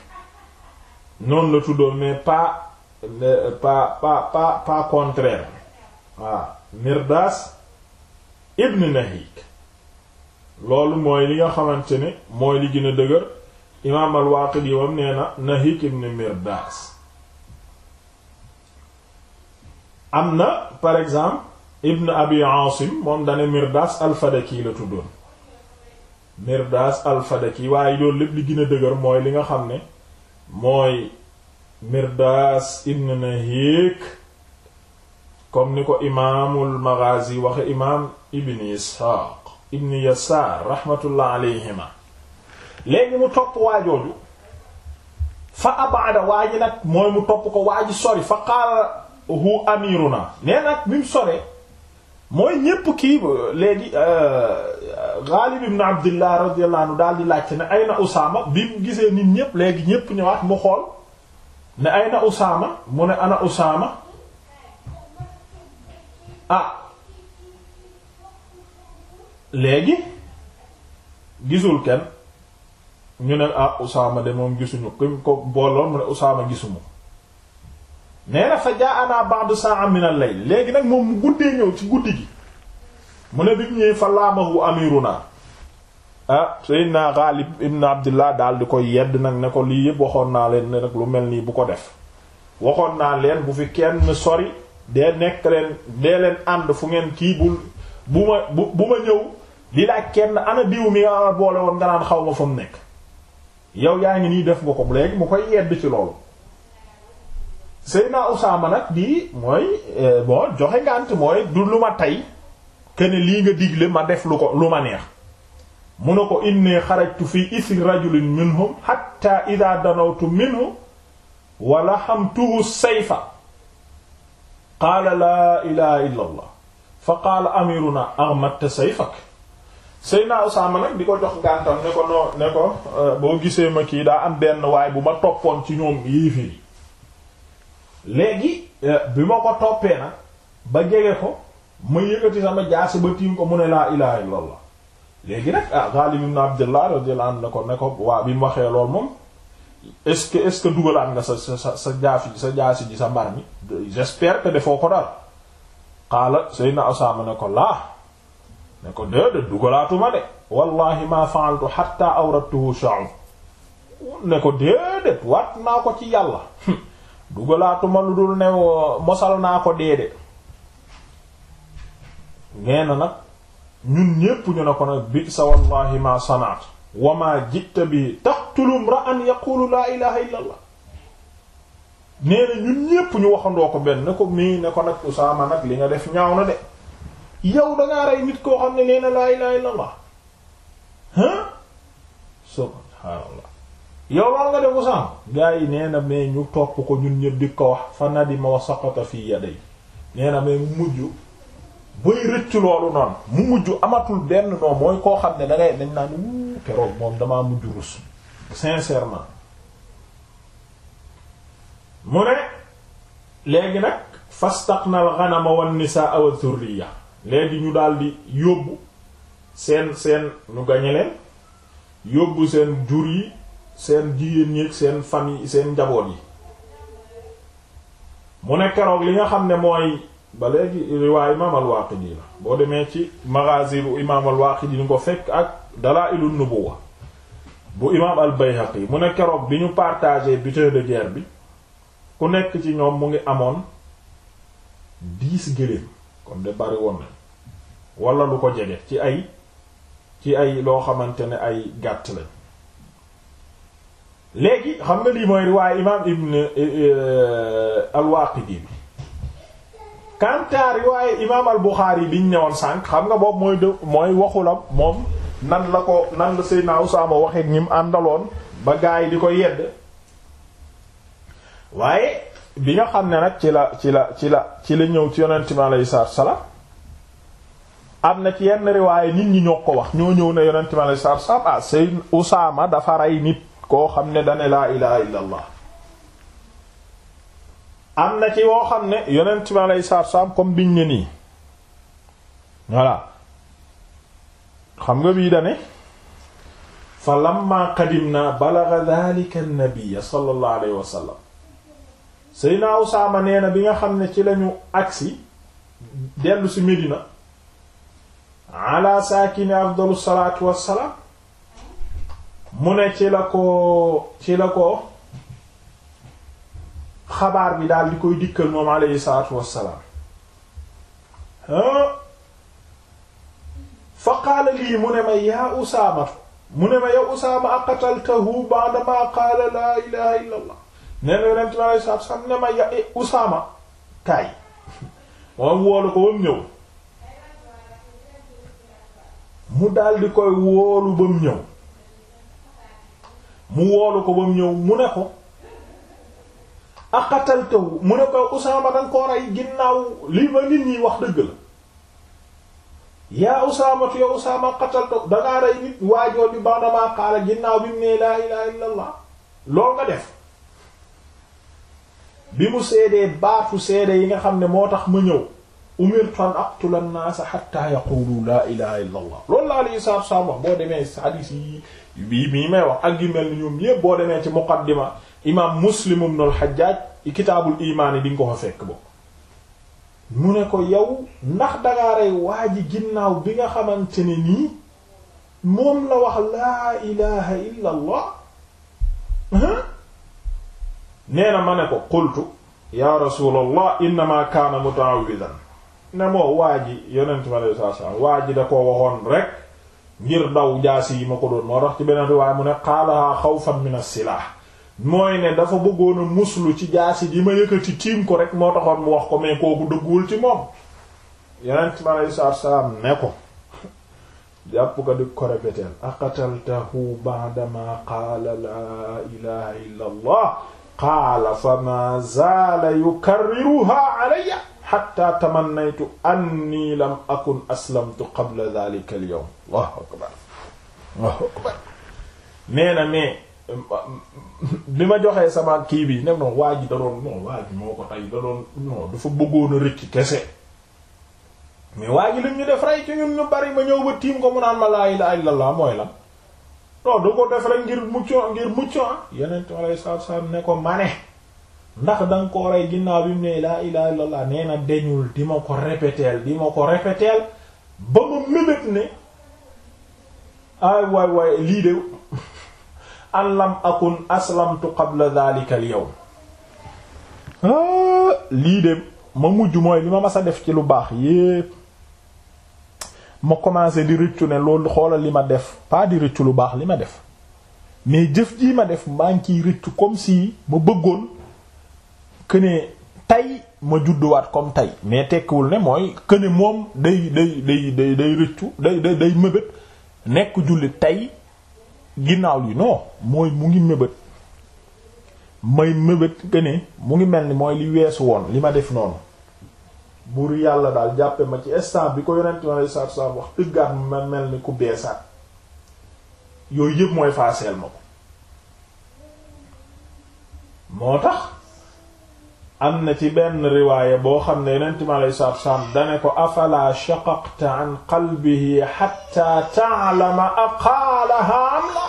noonu la tuddoon mais pas pas pas pas pas contraire waaw Mirdaas ibn Nahik loolu mooy li nga xamante ne mooy li gën a dëgër imaam al-Waaqidi wam nee na Nahik ibn Mirdaas am na par exemple ibn abi aasim moom dane mirdaas alfadaki la tuddoon mirdaas alfadaki waaye loolu lépp li gën dëgër mooy li nga xam ne mooy mirdaas ibn nahik comme ni ko imaamul maghazi waxe imaam ibn ishaaq ibn yasaar rahmatullah alayhima léegi mu topp waajooju fa abada waa nag mooy mu topp ko waa sori fa qaala hu amiruna nee nag bi mu sore mooy ñépp kii léegi euh, Ghalib ibn Abdillah radiyallahu anhu daal di laajte ne ayna Usaama bi mu gisee nit ñépp léegi ñépp wax mu xool ne ayna Usaama mu ne ana Usaama ah léegi gisul kenn ñu ne ah Usaama de moom gisuñu ku ko booloon mu ne Usaama gisuma nee na fa jaa ana ba'du sa'a min al léegi nag moom mu guddee ñëw ci guddi gi mu ne bi mu ñëwee fa laamahu amiruna ah Seydina Ghalib ibn Abdullah daal di koy yedd nag ne ko lii yëpp waxoon naa leen ne lu mel nii bu ko def waxoon naa leen bu fi kenn sori dee nekk leen dee leen ànd fu ngeen kii bul bu ma bu ma ñëw di laaj kenn ana diw mi nga boole woon nga naan xaw ma fu mu nekk yow yaa ngi nii def nga ko léegi mu koy yedd ci loolu Seyna Usaama nag di mooy eh, bon joxe ngànt mooy du lu ma tey kene lii nga digle ma def lu ko lu ma neex mu ne ko inni xarajtu fi isri rajulin minhum hatta idha danawtu minhu wa lahamtuhu sayfa qaala laa ilaha illa allah fa qaala amiruna aghmatta sayfak Seyna Usaama nag di ko jox ngàntam ne ko noo ne ko eh, boo gisee ma kii daa am benn waay bu ma toppoon ci ñoom yii fii léegi euh, bi ma ko toppee nag ba jege ko ma yëkkati sama jaasi ba tiim ko mu ne laa ilaha illallah léegi nag ah Ghalib ibn Abdullah radiyallahu anhu ne ko ne ko waa bi mu waxee lool moom est-ce est-ce que dugalaat nga sa sa sa jaasi sa jaasi ji sa mbar mi j'espère que defoo ko dara xaala Seydina Usaama ne ko laa ne ko déedéet dugalaatuma de wallahi ma fa'altu hatta awrattuhu sha'u ne ko déedéet waat naa ko ci yàlla dugalaatuma lu dul ne mosal naa ko deede nee na nag ñun ñépp ñu ne ko nag bi sa wallahi ma sanaat wa jitta bi taqtulu imra'an yaqulu laa ilaha illa allah ñun ñépp ñu waxandoo ko benn ne ko mii ne ko nag Usaama nag li nga def ñaaw na de yow dangaa rey nit koo xam ne nee na laa ilaha illa allah ha subhaanallah yow loolu nga defu sànq gars yi nee mais ñu topp ko ñun ñëpp di ko wax fa nadima wa saqata fii yaday nee na mais mu mujj buy rëcc loolu noonu mu mujj amatul benn noonu mooy koo xam ne da ngay dañ naan wuu keroog moom damaa mujj rus sincèrement mu ne léegi nag fastaqnal ghanama wan nisaa wa dhurriya léegi ñu daldi yóbbu seen seen ñu gañe leen yóbbu seen jur yi seen jigéen ñi ak seen famille seen njaboot yi mu ne keroog li nga xam ne mooy ba léegi riwaay imaam al-Waaqidi la boo demee ci Maghaazi bu imaam al-Waaqidi ñu ko fekk ak Dalaa'ilun Nubuwwa bu imaam al yi mu ne keroog bi ñu partagé butin de guerre bi ku nekk ci ñoom mu ngi amoon dix gëléem comme de bari woon na wala lu ko jege ci ay ci ay loo xamante ne ay gàtt lañ léegi xam nga lii mooy riwaay imaam ibn eh, eh, al-Waaqidi bi kantaa riwaay imaam al-Buxaari biñ ñëwoon sànq xam nga boobu mooy dë mooy waxulam moom nan la ko nan la Seydina Usaama waxeek ñi mu àndaloon ba gaa yi di ko yedd waaye bi nga xam ne nag ci la ci la ci la ci la ñëw ci yonent mi alayhi salaatu salaam am na ci yenn riwaay nit ñi ñoo ko wax ñoo ñëw ne yonent mi alayhi sa salaam ah Seydina Usaama dafa rey nit koo xam ne dane laa ilaha illa allah am na ci woo xam ne yonent mi aleyi salaatu salaam comme biñ ne nii voilà xam nga bii dane fa lamma qadimna balagha dhalika an-nabiy sallallahu alayhi wa sallam Seydina Usaama nee na bi nga xam ne ci lañu agsi dellu ci Medina ala saakini afdalu salaatu wassalaam mu ne ci la ko ci la ko xabaar bi daal di koy dikka moom alayhi salaatu wassalaam fa qaala lii mu ne ma yaa Usaama mu ne ma yaa Usaama aqataltahu ba'da ma qaala laa ilaaha illallah nee na yonent bi alayhi salaatu yaa Usaama kaay moom woolu ko ba mu ñëw mu daal di koy woolu ba mu ñëw mu woolu ko ba mu ñëw mu ne ko aqataltahu mu ne ko Usaama danga ko rey ginnaaw li ma nit ñi wax dëgg la yaa Usaama tu yow Usaama qataltahu dangaa rey nit waajoo bi ba'da maa qaala ginnaaw bi mu ne laa ilaaha illallaah lool nga def bi mu seedee baatu seede yi nga xam ne moo tax ma ñëw umirtu an aqtula an-naasa hatta yaqulu laa ilaha illa allah loolu la alayhi salaatu wassalaam wax boo demee hadiis yi bii mii may wax ak mel ni ñoom yépp boo demee ci muqaddima imaam muslim ibn al-hajjaj kitaabul imaan yi di nga ko fa fekk boobu mu ne ko yow ndax dangaa rey waa ji ginnaaw bi nga xamante ni nii moom la wax laa ilaha illa allah nee na ma ne ko qultu ya rasul allah innama kaana muta'awwidan ne moo waa ji yonent mi alayhi salaatu salaam waa ji da koo waxoon rek ngir daw jaasi yi ma ko doon moo tax ci beneen riwaay mu ne qaalahaa xawfan min as-silaah mooy ne dafa bëggoon a muslu ci jaasi ji ma yëkkati tiim ko rek moo taxoon mu wax ko mais kooku dëgguwul ci moom yonent mi alayhi salaatu salaam ne ko jàpp ko di ko répéter aqataltahu ba'dama qaala laa ilaaha illa allah qaala fa maa zaala yukarriruhaa alayya xatta tamannaytu anni lam akun aslamtu qabla dhalika al allahu akbar allahu na mais bi ma joxee sama kii bi ne non waa ji da doon non waa moo ko tey da doon non dafa bëggoon rëcc kese mais waa lim ñu def rey ci ñun ñu bari ma ñëw ba tiim ko mu naan ma laa ilaha illallah mooy la non du ko def rek ngir mucc ngir mucc ah yeneen alayhi salaatu salaam ne ko mane ndax danga ko rey ginnaaw bi mu ne laa ilaha illallah nee na deñul di ma ko répéteel di ma ko répéteel ba ma mébét ne ay waay waay lii de an lam akun aslamtu qabla dhalika al ah, lii de ma mujj mooy li ma mas a def ci lu baax yépp ma commencé di rëccu ne loolu xoolal li ma def paa di rëccu lu baax li ma def mais jëf jii ma def maa ngi ciy rëccu comme si ma bëggoon këne tey ma judduwaat comme tey mais tekkiwul ne mooy këne moom day day day day mëbët nekk jullit tey ginnaaw li non mooy mu ngi mëbët may mëbët këne mu ngi mel ni mooy li weesu woon li ma def noonu buur yàlla daal jàppe ma ci instant bi ko yonent ma saab saab wax tëggaat ma mel ni ku beesaat yooyu yëpp mooy faaseel ma ko moo tax am na ci benn riwaaya boo xam ne yonent mi alayhi salaatu salaam ko afalaa shaqaqta an qalbihi hatta ta'lama aqaalaha am la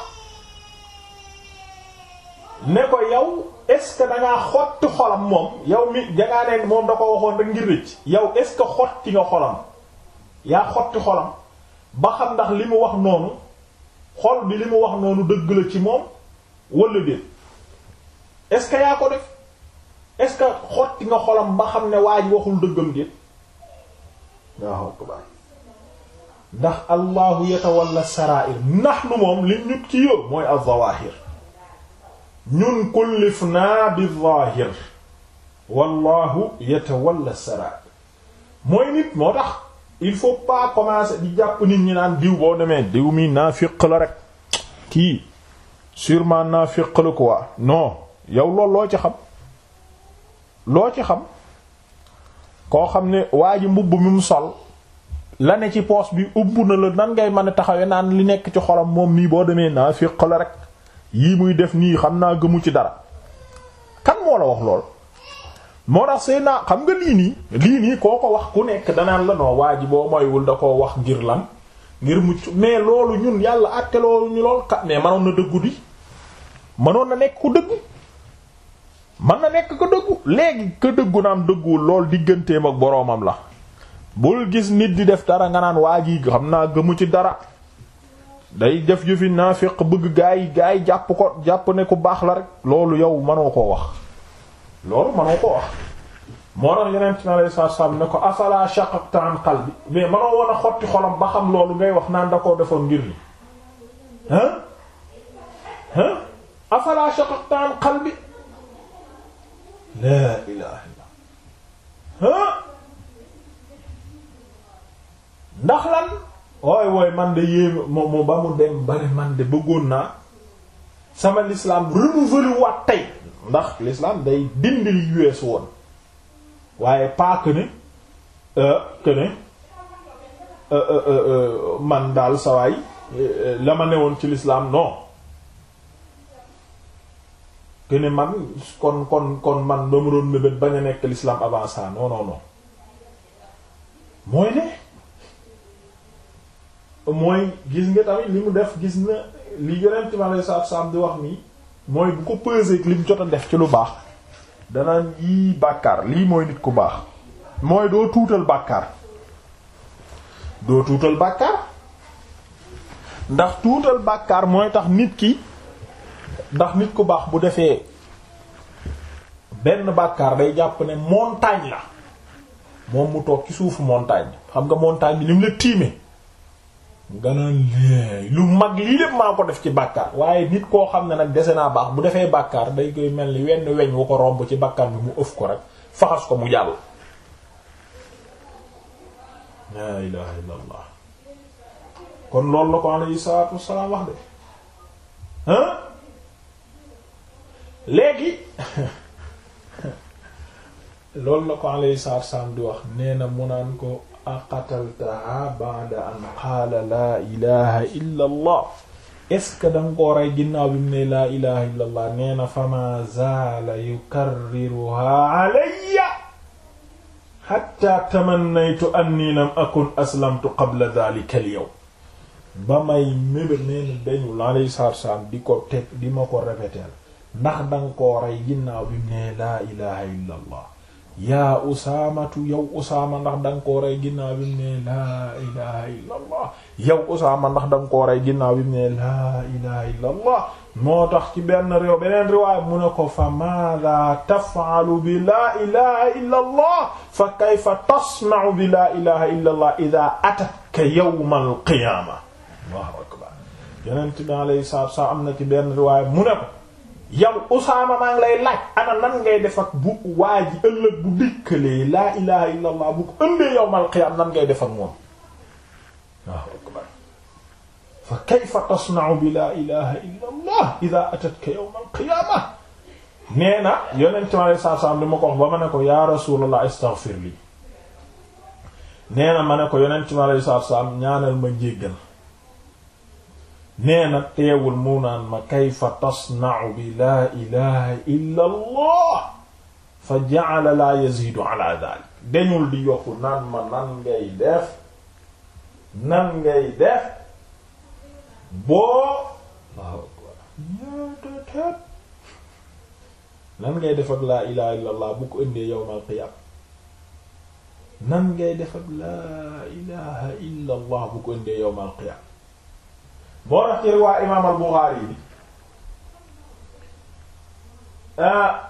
ne ko yow est-ce dangaa xotti xolam moom yow mi dangaa ne moom da ko waxoon rek ngir rëcc yow est-ce que xotti nga xolam yaa xotti xolam ba xam ndax li mu wax noonu xol bi li mu wax noonu dëgg la ci moom walla déet est yaa ko def est-ce que xotti nga xolam ba xam ne waa ji waxul dëgg déet waaw ndax allahu yatawalla sarair nahnu moom li ñu ci yóbbu mooy az-zawahir ñun kullifna yatawalla sarair mooy nit moo tax il faut pas commencer di jàpp nit ñi naan diw boo demee diw mi naafiq la rek kii sûrement naafiq la quoi non yow loolu loo ci xam loo ci xam koo xam ne waa ji mbubb mi mu sol la ne ci poos bi ubb na la nan ngay mën a taxawee naan li nekk ci xolam moom mii boo demee naa fiq la rek yii muy def nii xam naa gëmu ci dara kan moo la wax lool moo tax seen naa xam nga lii nii lii nii koo ko wax ku nekk danaan la noo waa ji boo moywul da koo wax ngir lan ngir mucc mais loolu ñun yàlla àtte loolu ñu lool kat mais mënoon na dëggu di mënoon na nekk ku dëgg man na nekk ko dëggu léegi ko dëggu naam dëgguwul loolu digganteem ak boroomam la bul gis nit di def dara nga naan waa ji xam naa gëmu ci dara day def ju fi naafiq bëgg gaa yi gaa yi jàpp ko jàpp ne ku baax la rek loolu yow mënoo ko wax loolu mënoo koo wax moo tax yeneen ci alayhi salaam ne ko afala shaqaqta an qalbi mais mënoo woon a xotti xolam ba xam loolu ngay wax naan da koo defoon ngir ni hein hein afala shaqaqta an qalbi laa ilaha illallah ndax lan ooy wooy man de yéem moom mu ba mu dem bari man de bëggoon naa sama l'islam renouvelé waat tey ndax l'islam day dindi li weesu woon waaye pas ne euh, que euh, euh, man daal sawaay la ma woon ci lislaam non que ne man kon kon kon man ba mu doon mébét bañ a nekk l'islam avant ça non mooy ne mooy gis nga tamit li mu def gis na li yonent bi alei salatu salaam di wax nii mooy bu ko peser li jot a def ci lu baax danaan yii bàkkaar lii mooy nit ku baax mooy doo tuutal bàkkaar doo tuutal bàkkaar ndax tuutal bàkkaar mooy tax nit ki ndax nit ku baax bu defee benn bàkkaar day jàpp ne montagne la moom mu toog ci suufu montagne xam nga montagne bi ni mu la tiime nga naan lu mag lii lépp maa ko def ci bàkkaar waaye nit koo xam ne nag dese naa baax bu defee bàkkaar day koy mel ni wenn weñ wu ko romb ci bàkkaar bi mu ëf ko rek faxas ko mu jàll laa ilaha illa kon loolu la ko alayhi salaatu wassalaam wax de hein léegi loolu la ko alayhi salaatu salaam di wax nee na mu naan ko aqataltaha ba'da an qaala laa ilaha illa allah est-ce que danga ko rey ginnaaw bi mu ne laa ilaha illa allah nee na fama zaala yukarriruha alayya hatta tamannaytu anni lam akun aslamtu qabla dhalika al yawm ba may mébét nee na dañu alayhi salaatu salaam di ko teg di ma ko répéter ndax danga koo rey ginnaaw bi mu ne laa ilaha illa allah yaa usaamatu yow usaama ndax danga koo rey ginnaaw bi mu ne laa ilaha illa allah yow usaama ndax danga koo rey ginnaaw bi mu ne laa ilaha illa allah moo tax ci benn réew beneen riwaay mu ne ko fa maada tafaalu bi laa ilaha illa allah fa kayfa tasna'u bi laa ilaha illa allah ida ataka yawma alqiyaama Allahu akbar yeneen bi aleyhi salaatu wa salaam am na ci benn riwaay mu ne ko yow Usaama maa ngi laaj ana nan ngay def ak bu waa ji ëllëg bu dikkalee laa ilaha illa allah bu ko ëndee yawmal qiyaam nan ngay def moom fa kayfa tasna'u bi laa ilaha illa allah idha atatka yawmal qiyaamah nee na yonent mi alayhi salaam ko wax ba ma ne ko ya rasulullah astaghfir li ma ne ko yonent mi salaam ñaanal ma njéggal nee na teewul mu naan ma kayfa tasna'u bi laa ilaha illa allah fa ja'ala laa yazidu ala dhalik dañul di yokku nan ma nan ngay def nan ngay def boo Allahu akbar ñaatateet nan ngay def ak laa ilaha illa allah bu ko indee yawmal qiyaama nan ngay def ak laa ilaha illa allah bu ko indee yawmal qiyaama boo tax ci riwaa imaam al Buxaari yi ah,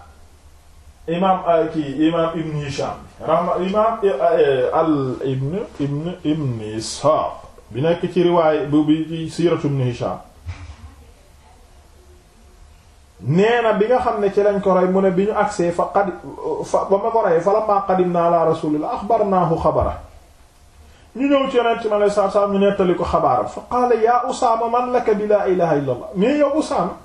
imaam ah, kii imaam Ibn Hisham rahma imaam eh, al ibn ibn ibn Isxaaq bi nekk ci riwaay bu bi siiratu Ibn Hisham nee na bi nga xam ne ci lañ ko rey mu ne bi ñu agsee fa qad fa ba ma ko reyee fa lammaa qadimnaa alaa rasuulillah axbarnaahu xabara ñu ñëw ci yonent mi alei satu salaam ñu nettali ko xabaaram fa qaala ya usaama man laka bi laa ilaha illa allah mais yow usaama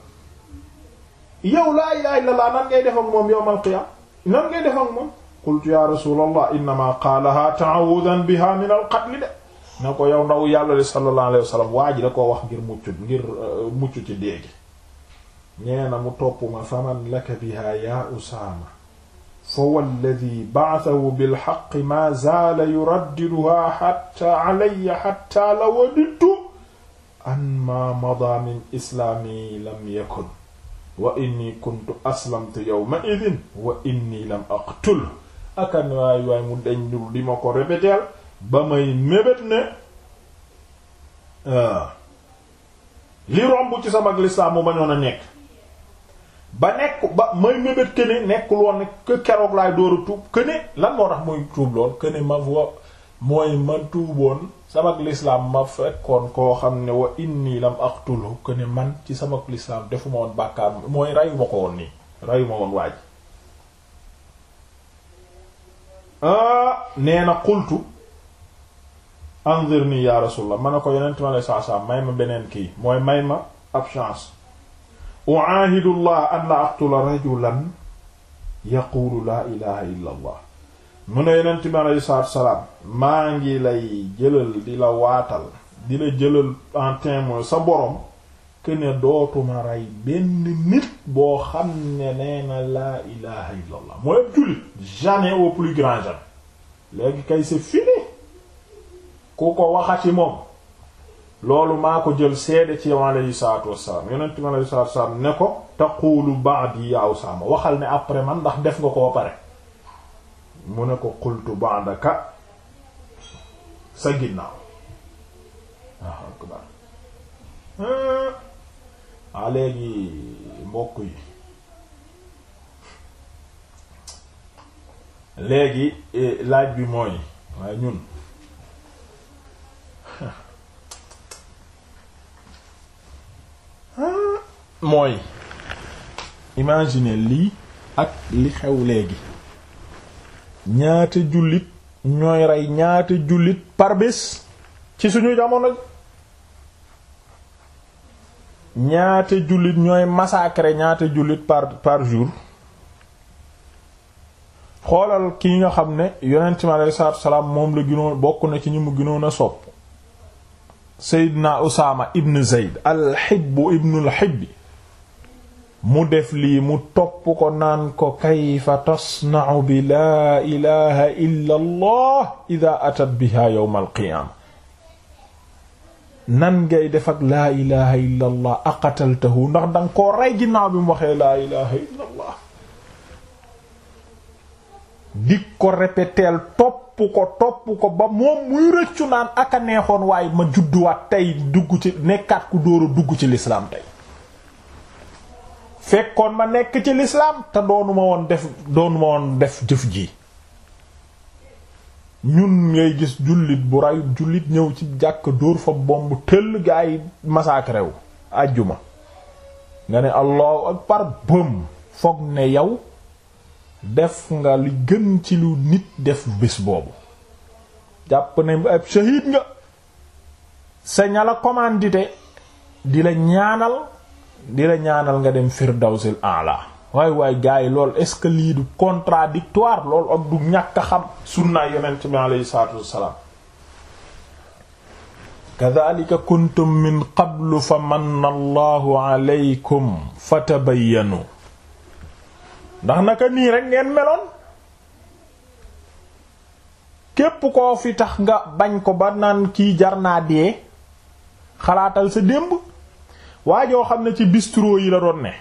yow laa ilaha illa allah nan ngay def ak moom yawm al qiyam nan ngay def ak moom qultu ya rasul allah innama qaalaha ta'awudan biha min al qatl de na ko yow ndaw yàlla li sallallahu alayhi wa sallam waa ji da koo wax ngir mucc ngir uh, mucc ci déegi nee na mu topp ma faman laka biha ya usaama fa walladi ba'athahu bilxaqqi maa zaala yuraddiduhaa xatta alayya xatta la wadidtu an maa madaa min islaami lam yakun wa inni kuntu aslamtu yawma idin wa inni lam aqtul akan waay waay mu dañ dul di ma ko répéteel ba may mébét ne euh, li romb ci sama lislaam mu bañoon a nekk ba nekk ba may mébét këne nekkul woon ne keroog laay dooru tuub këne lan moo tax muy tuub lool këne ma wa mooy man tuuboon samak lislaam ma fekkoon koo xam ne wa inni lam aqtulu këne man ci samak lislaam defuma woon bàkkaar mooy reyu ko woon nii reyu ma woon waaj ah, nee na qultu anzirni ya rasulullah man a ko yeneen ma saa saa may ma beneen kii mooy may ma ab chance u'aahidu llaha an rajulan yaqulu laa ilaha illa mu ne yonent bi aleyhi salaam maa ngi lay jëlal di la waatal di la jëlal en témoin sa borom que ne dootuma rey benn nit boo xam ne nee laa ilaha illa allah mooy jullit jamais au plus grand jamais léegi kay c'est fini ku ko waxati moom loolu maa ko jël seede ci yow alayhi salaatu wassalaam yonent mi alayhi salaatu wassalaam ne ko taqulu ba'di ya Usaama waxal ne après man ndax def nga koo pare mu ne ko qultu ba'daka sa ginnaaw waaw ah, ah, léegi mbokk yi léegi eh, laaj bi mooy waaye ñun mooy imagine lii ak li xew léegi ñaata jullit ñooy rey ñaata jullit par bés ci suñu jamono ñaate jullit ñooy massacrer ñaata jullit par par jour xoolal ki nga xam ne yonent mi alayhi salaatu wa salaam moom la gënoon bokk na ci ñi mu ginoon a sopp Seydina Usaama ibn Zayd alxibbu ibnul xibbi mu def lii mu topp ko naan ko kayfa tasna'u bi laa ilaha illa allah ida atat biha yowm alqiyaama nan ngay def ak laa ilaha illa allah aqataltahu ndax danga koo rey ginnaaw bi mu waxee laa ilaha illa allah di ko répéteel topp ko topp ko ba moom muy rëccu naan ak a waaye ma judduwaat tey dugg ci nekkaat ku dóor dugg ci lislaam tey fekkoon ma nekk ci lislaam te doonuma woon def doonuma woon def jëf ji ñun ngay gis jullit bu rayut jullit ñëw ci jàkk dóor fa bomb tëll ga ay massacre wu àjjuma nga ne allahu akbar bëm foog ne yow def nga li gën ci lu nit def bés boobu jàpp ne ab shahid nga sa ña la commandité di la ñaanal di la ñaanal nga dem firdawsil ala waay waay gars lool loolu est-ce que lii du contradictoire loolu ak du ñàkk a xam sunnaay yonent bi aleyhi salatu wassalaam kadhalika kuntum min qablu fa manna allahu alaykum fatabayyanu ndax naka nii rek ngeen meloon képp koo fi tax nga bañ ko ba naan kii jar naa dee xalaatal sa démb waa joo xam ne ci bistro yi la doon ne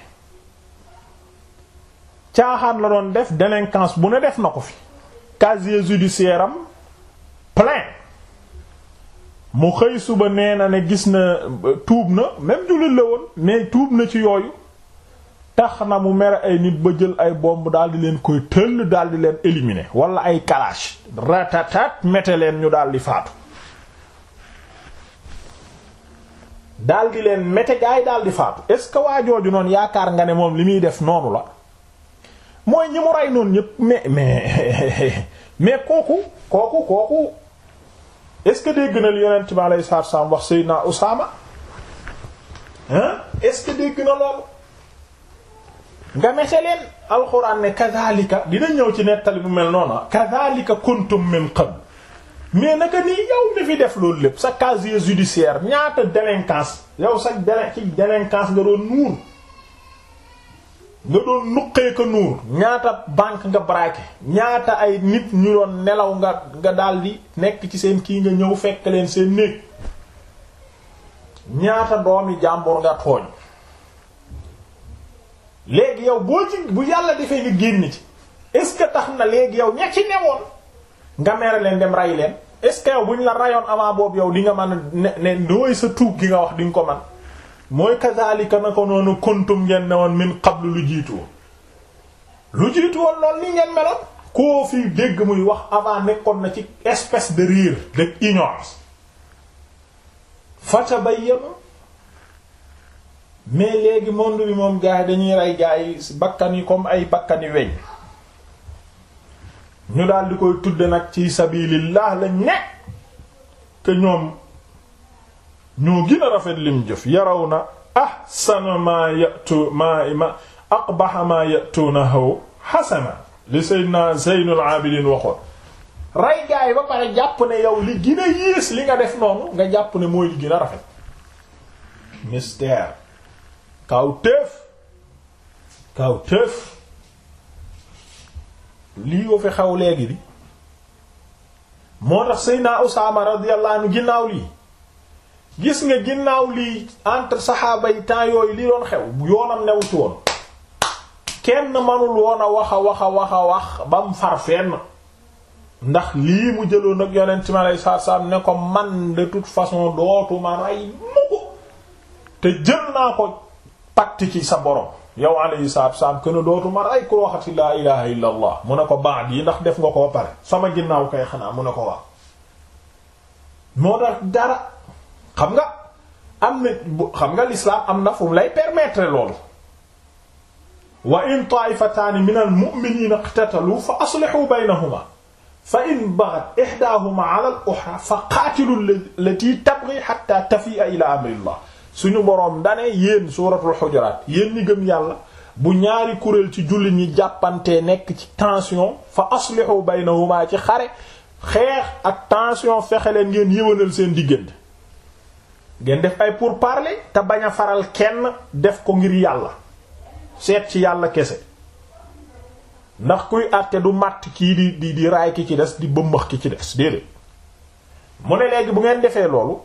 caaxaan la doon def délinquance bu ne def na ko fi casier judiciaire am plein mu xëy suba nee na ne gis na tuub na même jullit la woon mais tuub na ci yooyu tax na mu mere ay nit ba jël ay bomb daal di leen koy tëll daal di leen éliminer wala ay kalash ratatat mete leen ñu daal di faatu daal di leen mete gaay daal di faatu est-ce que waa jooju noonu yaakaar nga ne moom li muy def noonu la mooy ñi mu noonu ñépp mais mais kooku kooku kooku est-ce que dégg na li yonent bi alayhi salaatu salaam wax Seydina Usaama hein est-ce dégg na loolu nga mese leen alxuraan ne kazaalika dina ñëw ci nettali bu mel noonu kazaalika kuntum min qabl mais naka nii def loolu lépp sa casier judiciaire ñaata délinquance yow sa délin ci délinquance nga doon nuur nuqee ko nuur ñaata banque nga braqué ñaata ay nit ñu doon nelaw nga nga daldi nekk ci seen kii nga ñëw fekk leen seen néeg ñaata doomi jàmbur nga tooñ léegi yow boo ci bu yàlla defee nga génn ci est-ce que tax na léegi yow ña ci newoon nga mere dem ray leen est-ce bu ñu la rayoon avant boobu yow di nga mën ne ne nooy sa tuug ki nga wax di nga ko man mooy kazaalika na ko noonu kuntum ngeen newoon min qablu lu jiitu lu jiitu woon lool nii ngeen meloon koo fii dégg muy wax avant nekkoon na ci espèce de rire de bay fatabayyanu mais léegi monde bi moom gars yi dañuy rey gars yi bakkan comme ay bakkan yu weñ ñu daal di koy tudde nag ci sabilillah lañ ne te ñoom ñoo gën a rafet lim jëf yaraw na ahsana ma yatu ma ma aqbaha ma yatuunahu xasana li sayyidina Zaynul Abidin waxoon rey gars yi ba pare jàpp ne yow li gën a li nga def noonu nga jàpp ne mooy li gën rafet kaw téef kaw téef lii ko fi xaw léegi bi moo tax Seydina Usaama radiyallahu anhu ginnaaw lii gis nga ginnaaw lii entre saxaaba yi temps yooyu li doon xew yoonam newu ci woon kenn manul woon a wax a wax a wax a wax ba mu far fenn ndax lii mu jëloo nag yonent mi alayhi salaatu salaam ne ko man de toute façon dootuma rey mu ko te jël naa ko pacte ci sa borom yow alayhi salaatu salaam kën a dootuma rey ku waxati laa ilaha illa allah mu ne ko baax yi ndax def nga ko pare sama ginnaaw kay xanaa mu ne ko wax moo tax dara xam nga am na xam nga l'islam am na fu lay permettre loolu wa in taifataani min al muminina iqtatalu fa aslixu baynahuma fa in baghat ihdaahuma ala al uxra fa qaatilu allati tabghi hatta tafi'a ila amrillah suñu boroom dane yéen suuratul xujuraat yéen ñi gëm yàlla bu ñaari kuréel ci jullit ñi jàppante nekk ci tension fa aslihu baynahuma ci xare xeex ak tension fexe leen ngeen yëwanal seen diggante ngeen def ay pourparlers te bañ a faral kenn def ko ngir yàlla seet ci yàlla kese ndax kuy àtte du màtt kii di di di raay ki ci des di bëmbax ki ci des déedéet mu ne léegi bu ngeen defee loolu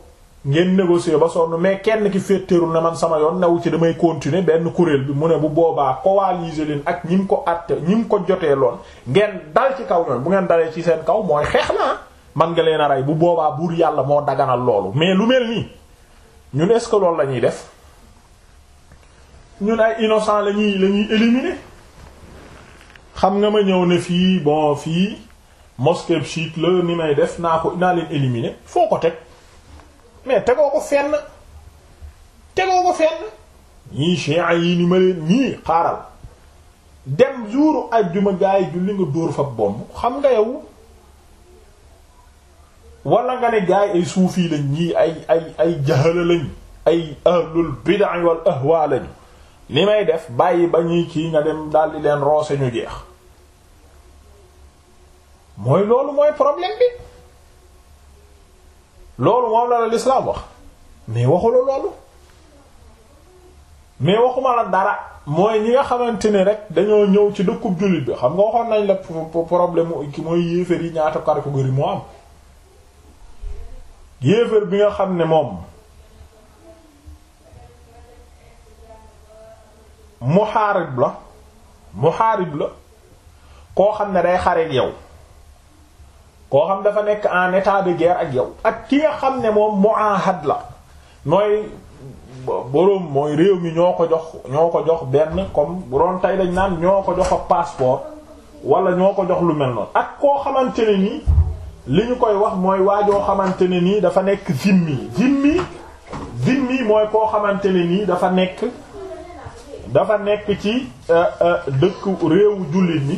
ngeen négocier ba sonn mais kenn ki féeteeru na man sama yoon newu ci damay continuer benn kuréel bi mu ne bu boobaa coaliser leen ak ñi mu ko àtte ñi mu ko jotee loon ngeen dal ci kaw ñoom bu ngeen dalee ci seen kaw mooy xeex naa man nga leen a rey bu boobaa buur yàlla moo daganal loolu mais lu mel nii ñun est-ce que loolu la def ñun ay innocent la ñuy la ñuy xam nga ma ñëw ne fii bon fii mosquée chiite la ni may def naa ko naa leen éliminer foo ko teg. mais tegoo ko fenn tegoo ko fenn ñii chiites yi ni ma leen ñii xaaral dem jouru ajjuma gaa yi julli nga dóor fa bomb xam nga yow wala nga ne gaa yi ay suufi lañ ñii ay ay ay jahala lañ ay ahlul bid'a wal ahwa lañu li may def bàyyi ba ñuy kii nga dem daldi leen roose ñu jeex mooy loolu mooy problème bi loolu moom la la lislaam wax mais waxula loolu mais waxuma la dara mooy ñi nga xamante ne rek dañoo ñëw ci dëkkub jullit bi xam nga waxoon nañ la problème ki mooy yéeféer yi ñaata catégorie moo am yéeféer bi nga xam ne moom muhaarib la muhaarib la koo xam ne day xareek yow koo xam dafa nekk en état de guerre ak yow ak ki nga xam ne moom muahad la mooy boroom mooy réew mi ñoo ko jox ñoo ko jox benn comme bu doon tey dañ naan ñoo ko jox ak passeport wala ñoo ko jox lu mel noonu ak koo xamante ne nii li ñu koy wax mooy waajoo xamante ne nii dafa nekk zimmi zimmi zimmi mooy koo xamante ne nii dafa nekk dafa nekk ci euh, euh, dëkk réewu jullit ñi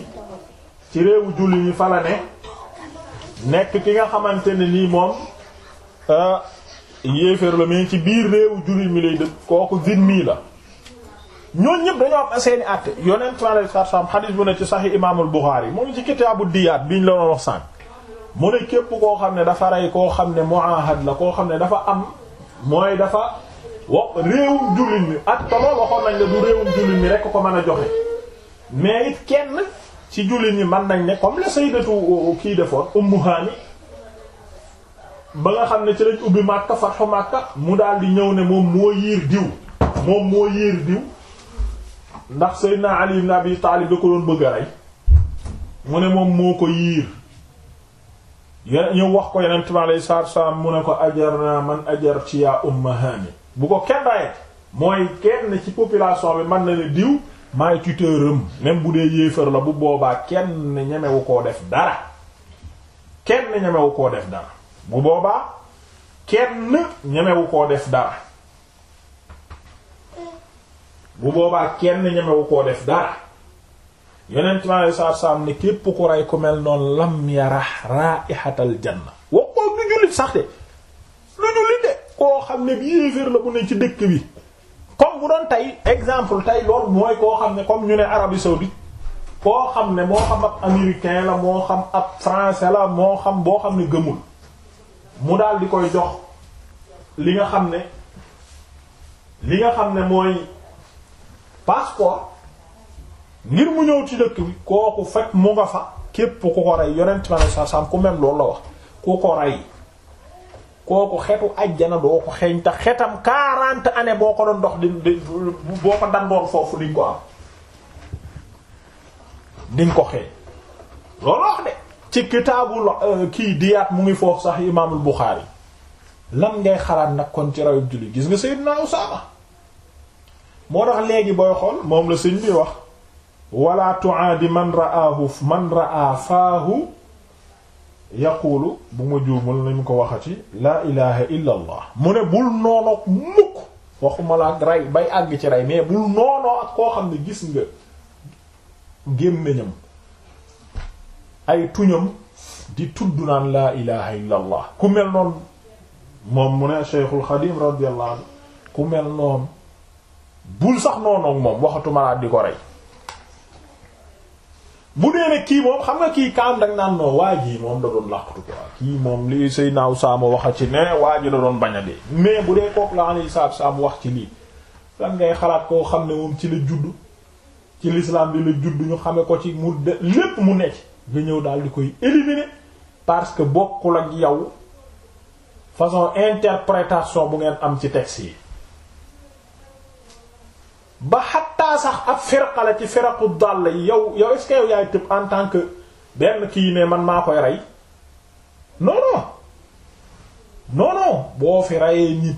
ci réewu jullit ñi fa la ne nekk ki nga xamante ne nii moom euh, yéeféer la mais ci biir réewu jullit mi lay dëkk kooku zimmi la ñooñu ñëpp dañoo am seeni àtte yonent sallallahu alayhi wasallam xadiis bu ne ci Sahih Imaamul Buxaari moom ci kitaabu diyaat biñ la doon wax sànq mu ne képp koo xam ne dafa rey koo xam ne muahad la koo xam ne dafa am mooy dafa wa réewum jullit mi ak te loolu waxoon nañ la du réewum jullit mi rek ko mën a joxe mais kenn. ci jullit ñi man nag ne comme la sayyidatu kii defoon Ummu Haani ba nga xam ne ci lañ ubbi Makka fatxu Makka mu daal di ñëw ne moom moo yiir diw moom moo yiir diw ndax Seydina Ali ibn Abi Taalib da ko doon bëgg a rey mu ne moom moo ko yiir ñu wax ko Yonent bi alayhi salaatu wa mu ne ko ajarna man ajarti yaa Ummu Haani bu ko kenn rey mooy kenn ci population bi man na ne diw maay tuteuram même bu dee yéefar la bu boobaa kenn ñemewu koo def dara kenn ñemewu koo def dara bu boobaa kenn ñemewu koo def dara bu boobaa kenn ñemewu koo def dara yonent mi alei saatu salaam ne képp ku rey ku mel noonu lam yara raihatal janna wax ko lu jullit sax de lu jullit de koo xam ne bi yéefar la bu ne ci dëkk bi xam bu doon tey exemple tey loolu mooy koo xam ne comme ñu ne Arabie saoudite koo xam ne moo xam ab américain la moo xam ak français la moo xam boo xam ne gëmul mu daal di koy jox li nga xam ne li nga xam ne mooy passeport ngir mu ñëw ci dëkk kooku fekk mu nga fa képp ku ko rey yonent ma ne sa sam ku même loolu la wax ku ko rey kooku xetu ajjana doo ko xeeñ te xetam quarante années boo ko doon dox di boo ko dandoon foofu diñ ko am diñ ko xeeñ loolu de ci kitaabul euh, kii diyaat mu ngi foofu sax imaamul Buxaari lan ngay xalaat nag kon ci rawib julli gis nga Seydina Usaama moo tax léegi booy xool moom la sëñ bi wax wala tuaadi man raahu man raa faahu yaquulu bu ma juumal nañ ko waxati laa ilaha illa mu ne bul noonoog mukk waxuma la ak rey bay àgg ci rey mais bul noonoo ak koo xam ne gis nga gémmiñam ay tuñam di tudd naan laa ilaha illa ku mel noonu moom mu ne Cheikhul Xadim radiyallahu anhu ku mel noonu bul sax noonoog moom waxatuma la di ko rey bu nee ne kii moom xam nga kii kaam dag naan noo waa ji moom da doon làqatu ko kii moom li say naaw saama waxa ci ne waa ji la doon bañ a mais bu dee kook la alei saatu salaam wax ci lii lan ngay xalaat koo xam ne moom ci la judd ci l'islam bi la judd ñu xame ko ci mu de lépp mu nekk nga ñëw daal di koy éliminer parce que bokkul ak yow façon interprétation bu ngeen am ci texte yi ba xattaa sax ab firqa ci firaqu dàll yi yow yow yaay tëb en tant que benn kii ne man maa koy rey non non non boo fi reyee nit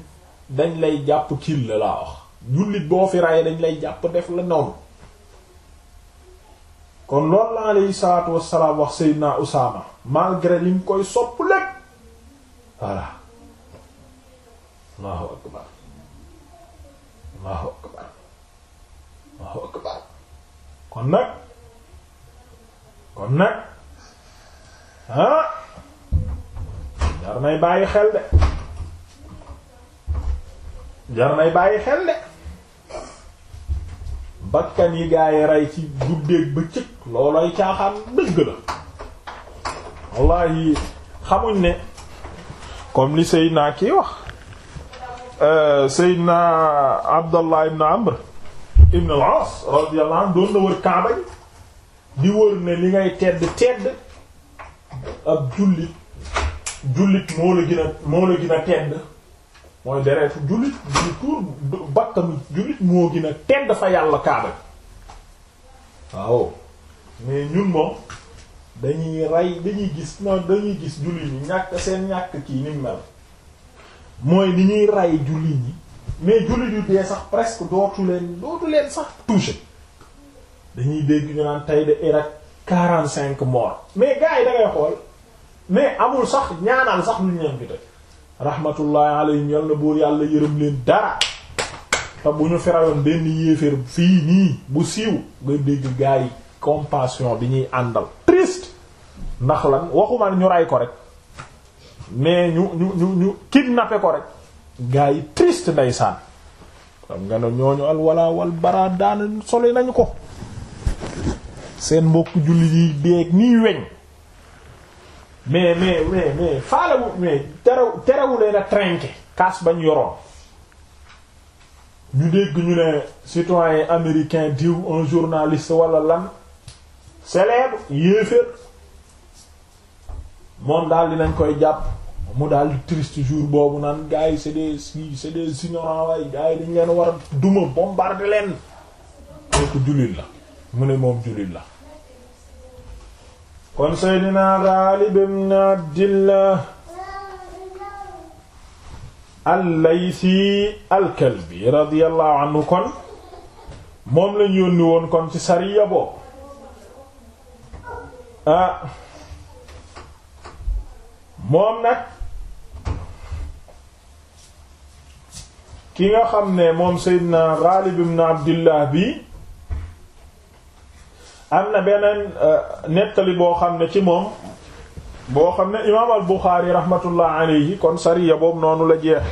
dañ lay jàpp kiil la laa wax jullit boo fi reyee dañ lay jàpp def la noonu kon loolu la alayhi salaatu wassalaam wax Seydina Usaama malgré li mu koy sopp lépp waaw kon nag kon nag ah jar nay bàyyi xel de jar nay xel de bakkan yi gaa yi ci guddeeg bëccëg loolooy caaxaan dëgg la wallahi xamuñ ne comme li Seydina kii wax euh, Seydina Abdallah ibn Amr ibn al-As radiyallahu anhu doon na wër Kaaba yi di wër ne li ngay tedd tedd ab jullit jullit moo la gën a moo la gën a tedd mooy dereetu jullit du tuur bakkami jullit moo gën a tedd fa yàlla Kaaba yi waaw mais ñun moom dañuy rey dañuy gis non dañuy gis jullit ñi ñàkk seen ñàkk kii ni mel mooy ni ñuy rey jullit ñi mais jullit yu dee sax presque dootu leen dootu leen sax touché dañuy dégg ñu naan tey de Irak quarante cinq morts mais gars yi da xool mais amul sax ñaanal sax luñ leen bi tey rahmatullahi alayhim yal na buur yàlla yërëm leen dara te bu ñu ferayoon benn yéeféer fii nii bu siiw nga dégg gars yi compassion bi ñuy àndal triste ndax la waxuma ñu rey ko rek mais ñu ñu ñu ñu ko rek gaa yi triste ndeysaan xam nga ne ñooñu alwala wal bara daan soli nañu ko seen mbokk jullit yi deeg nii weñ mais mais mais mais faalawu mais terew terewu leen a trinqué kaas bañ yoroon ñu dégg ñu ne citoyen américain diw un journaliste wala lan célèbre yéeféer moom daal dinañ koy jàpp mu daal di triste jour boobu naan gars yi c'est des c'est des ignorants waay gars leen war a duma bombarder leen kooku jullit la mu ne moom jullit la kon Seydina Gaalib ibn Abdillah al-Laythi al-Kalbi radiyallahu anhu kon moom lañ yónni woon kon ci sariya boobu ah. moom nag ki nga xam ne moom Seydina Ghalib ibn Abdillah bi am na beneen euh, nettali boo xam ne ci moom boo xam ne imaam al Buxaari rahmatullah alayhi kon sariya boobu noonu la jeex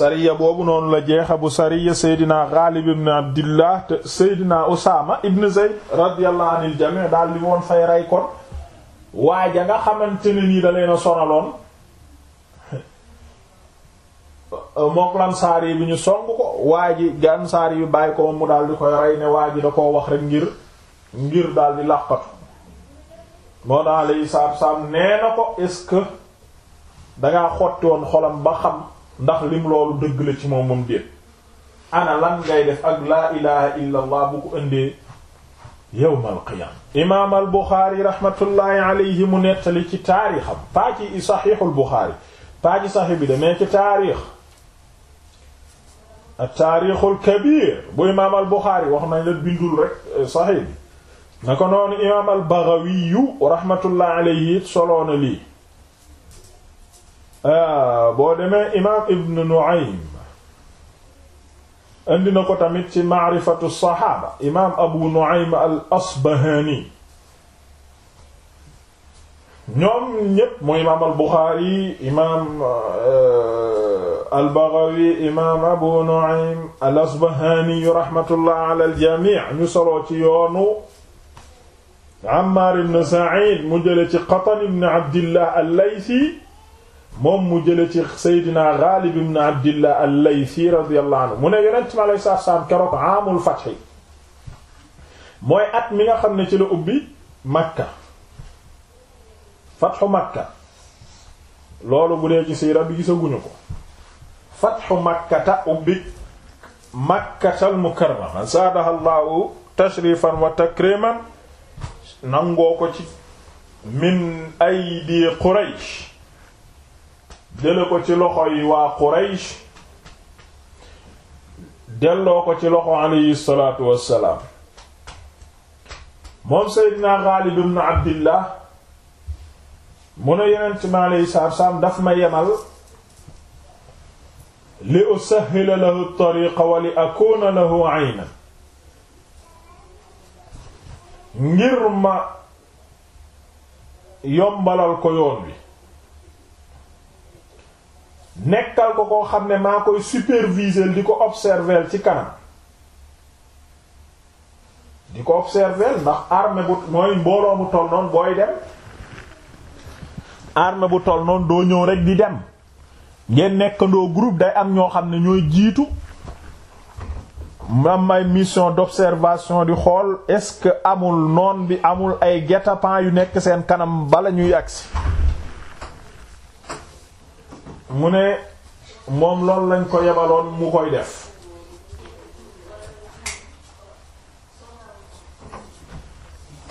sariya boobu noonu la jeexa bu sariya Seydina Ghalib ibn Abdillah te Seydina Usaama ibn Zayd radiyallahu anil jami' daal li woon fay rey kon waaja nga xamante ne nii da leen Euh, mook lamsaar yi bi ñu song ko waa ji gansaar yi bàyyi ko mu daal di koy rey ne waa ji da koo wax rek ngir ngir daal di làqatu moo naa lay saab saab nee na ko est-ce que dangaa xotti woon xolam ba xam ndax lim loolu dëgg la ci moom moom déet ana lan ngay def ak laa ilaha illa allah bu ko indee yawmal qiyaama imaam al buxaari mu nettali ci taarixam paa ci saxiixul buxaari paa ci saxiix demee ci taarix at-taarixul kabiir bu imaam al-Buxaari wax nañ la bindul rek eh, saxiix bi na ko noonu imaam al-Baghawi rahmatullah alayhi soloo na lii ah, boo demee imaam Ibn Nu'aym indi na ko tamit ci maarifatu saxaaba imaam Abu Nu'aym al-Asbahaani ñoom ñépp mu imaam al Buxaari imaam euh, al Baghawi imaam Abu Nu'aym al Asbahaani rahmatullah ala al jamii ñu soloo ci yoonu Ammaar ibn Saïd mu jële ci Qatan ibn Abdillah al-Laythi moom mu jële ci Seydina Ghalib ibn Abdillah al-Laythi radiyallahu anhu mu ne Yonent mi alayhi salaatu salaam keroog aamul fath mooy at mi nga xam ne ci la ubbi Makka fatxu makka loolu bu dee ci siira bi gisaguñu ko fatxu makkata ubbi makkatal mukarrama zaadaha allahu tashrifan wa takriman nangoo ko ci min aydi quraysh jële ko ci loxo yu waa quraysh delloo ko ci loxo alayhi salaatu wassalaam moom seydina Gaalib ibn Abdillah mu ne yeneen ci ma lay saar saam daf ma yemal li usahhila lahu tariqa wa li lahu aynan ngir ma yombalal ko yoon wi nekkal ko koo xam ne maa koy superviser di ko observer ci kanam di ko observer ndax armée bu mooy mbooloo toll noonu booy dem arme bu toll noonu doo ñëw rek di dem gen nekkandoo groupe day am ñoo xam ne ñooy jiitu am ay mission d'observation di xool est-ce que amul noon bi amul ay guet-apens yu nekk seen kanam bala ñuy agsi mu ne moom loolu lañ ko yebaloon mu koy def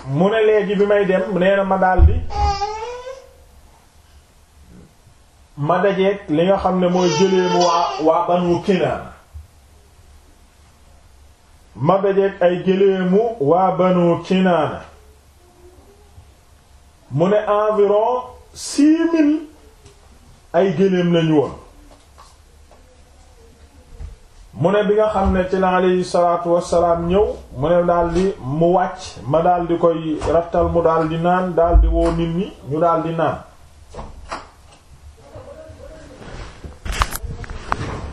mu ne léegi bi may dem nee na ma daldi ma dajeek li nga xam ne mooy jëleemu waa waa banu kinaana ma dajeek ay jëleemu waa banu kinaana mu ne environ six mille ay gëléem lañu woon mu ne bi nga xam ne ci la alayhi salaatu ñëw mu ne daldi mu wàcc ma daldi koy rattal mu daldi naan daldi woo nit ñi ñu daldi naan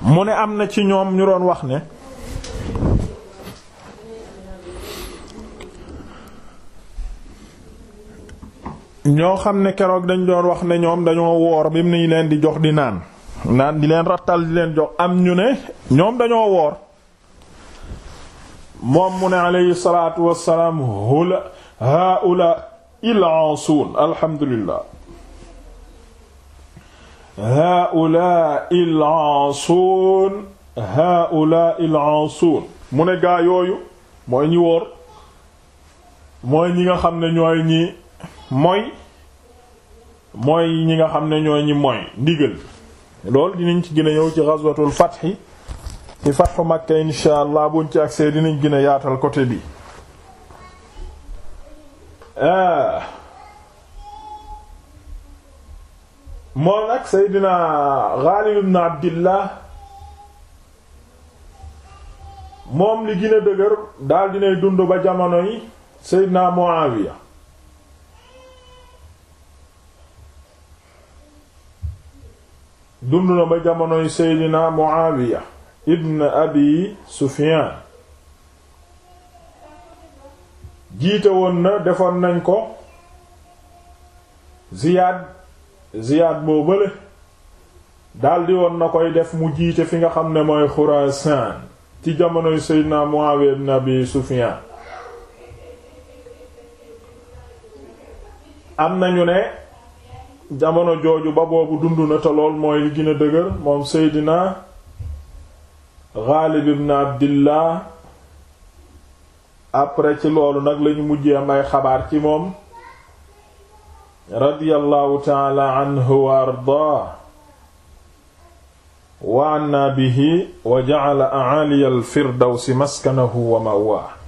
mu ne am na ci ñoom ñu doon wax ne ñoo xam ne keroog dañ doon wax ne ñoom dañoo woor bi mu leen di jox di naan naan di leen rattal di leen jox am ñu ne ñoom dañoo woor moom mu ne alayhi salaatu wassalaam hula haula il ansuun alhamdulillah haula il ansuun haula il ansuun mu ne gaa yooyu mooy ñi wóor mooy ñi nga xam ne ñooy ñi mooy mooy ñi nga xam ne ñooy mooy ndigal lool dinañ ci gën a ñëw ci ghazwatul fath ci fathu Makka insha buñ ci agsee dinañ gën a yaatal côté bi ah moom nag Seydina Ghalib ibn Abdillah moom li gën a dëgër daldi dinay dund ba jamono yi Seydina Muawiya dund jamonoy Seydina Muawiya ibn Abi Sufyan jiite woon na defoon nañ ko Ziyad Ziyaad boo bële daldi woon na koy def mu jiite fi nga xam ne mooy Xuraasaan ci jamonoy Seydina Muawiya ibn Abi Sufyaan am nañu ne jamono jooju ba boobu dund na te lool mooy li gën a dëgër moom Seydina Gaalib ibn Abdillah après ci loolu nag lañu mujjee am ay xabaar ci moom radiyallahu taala anhu wa ardaa wa anna bihi wa ja'ala a'ali al-firdawsi maskanahu wa ma'waahu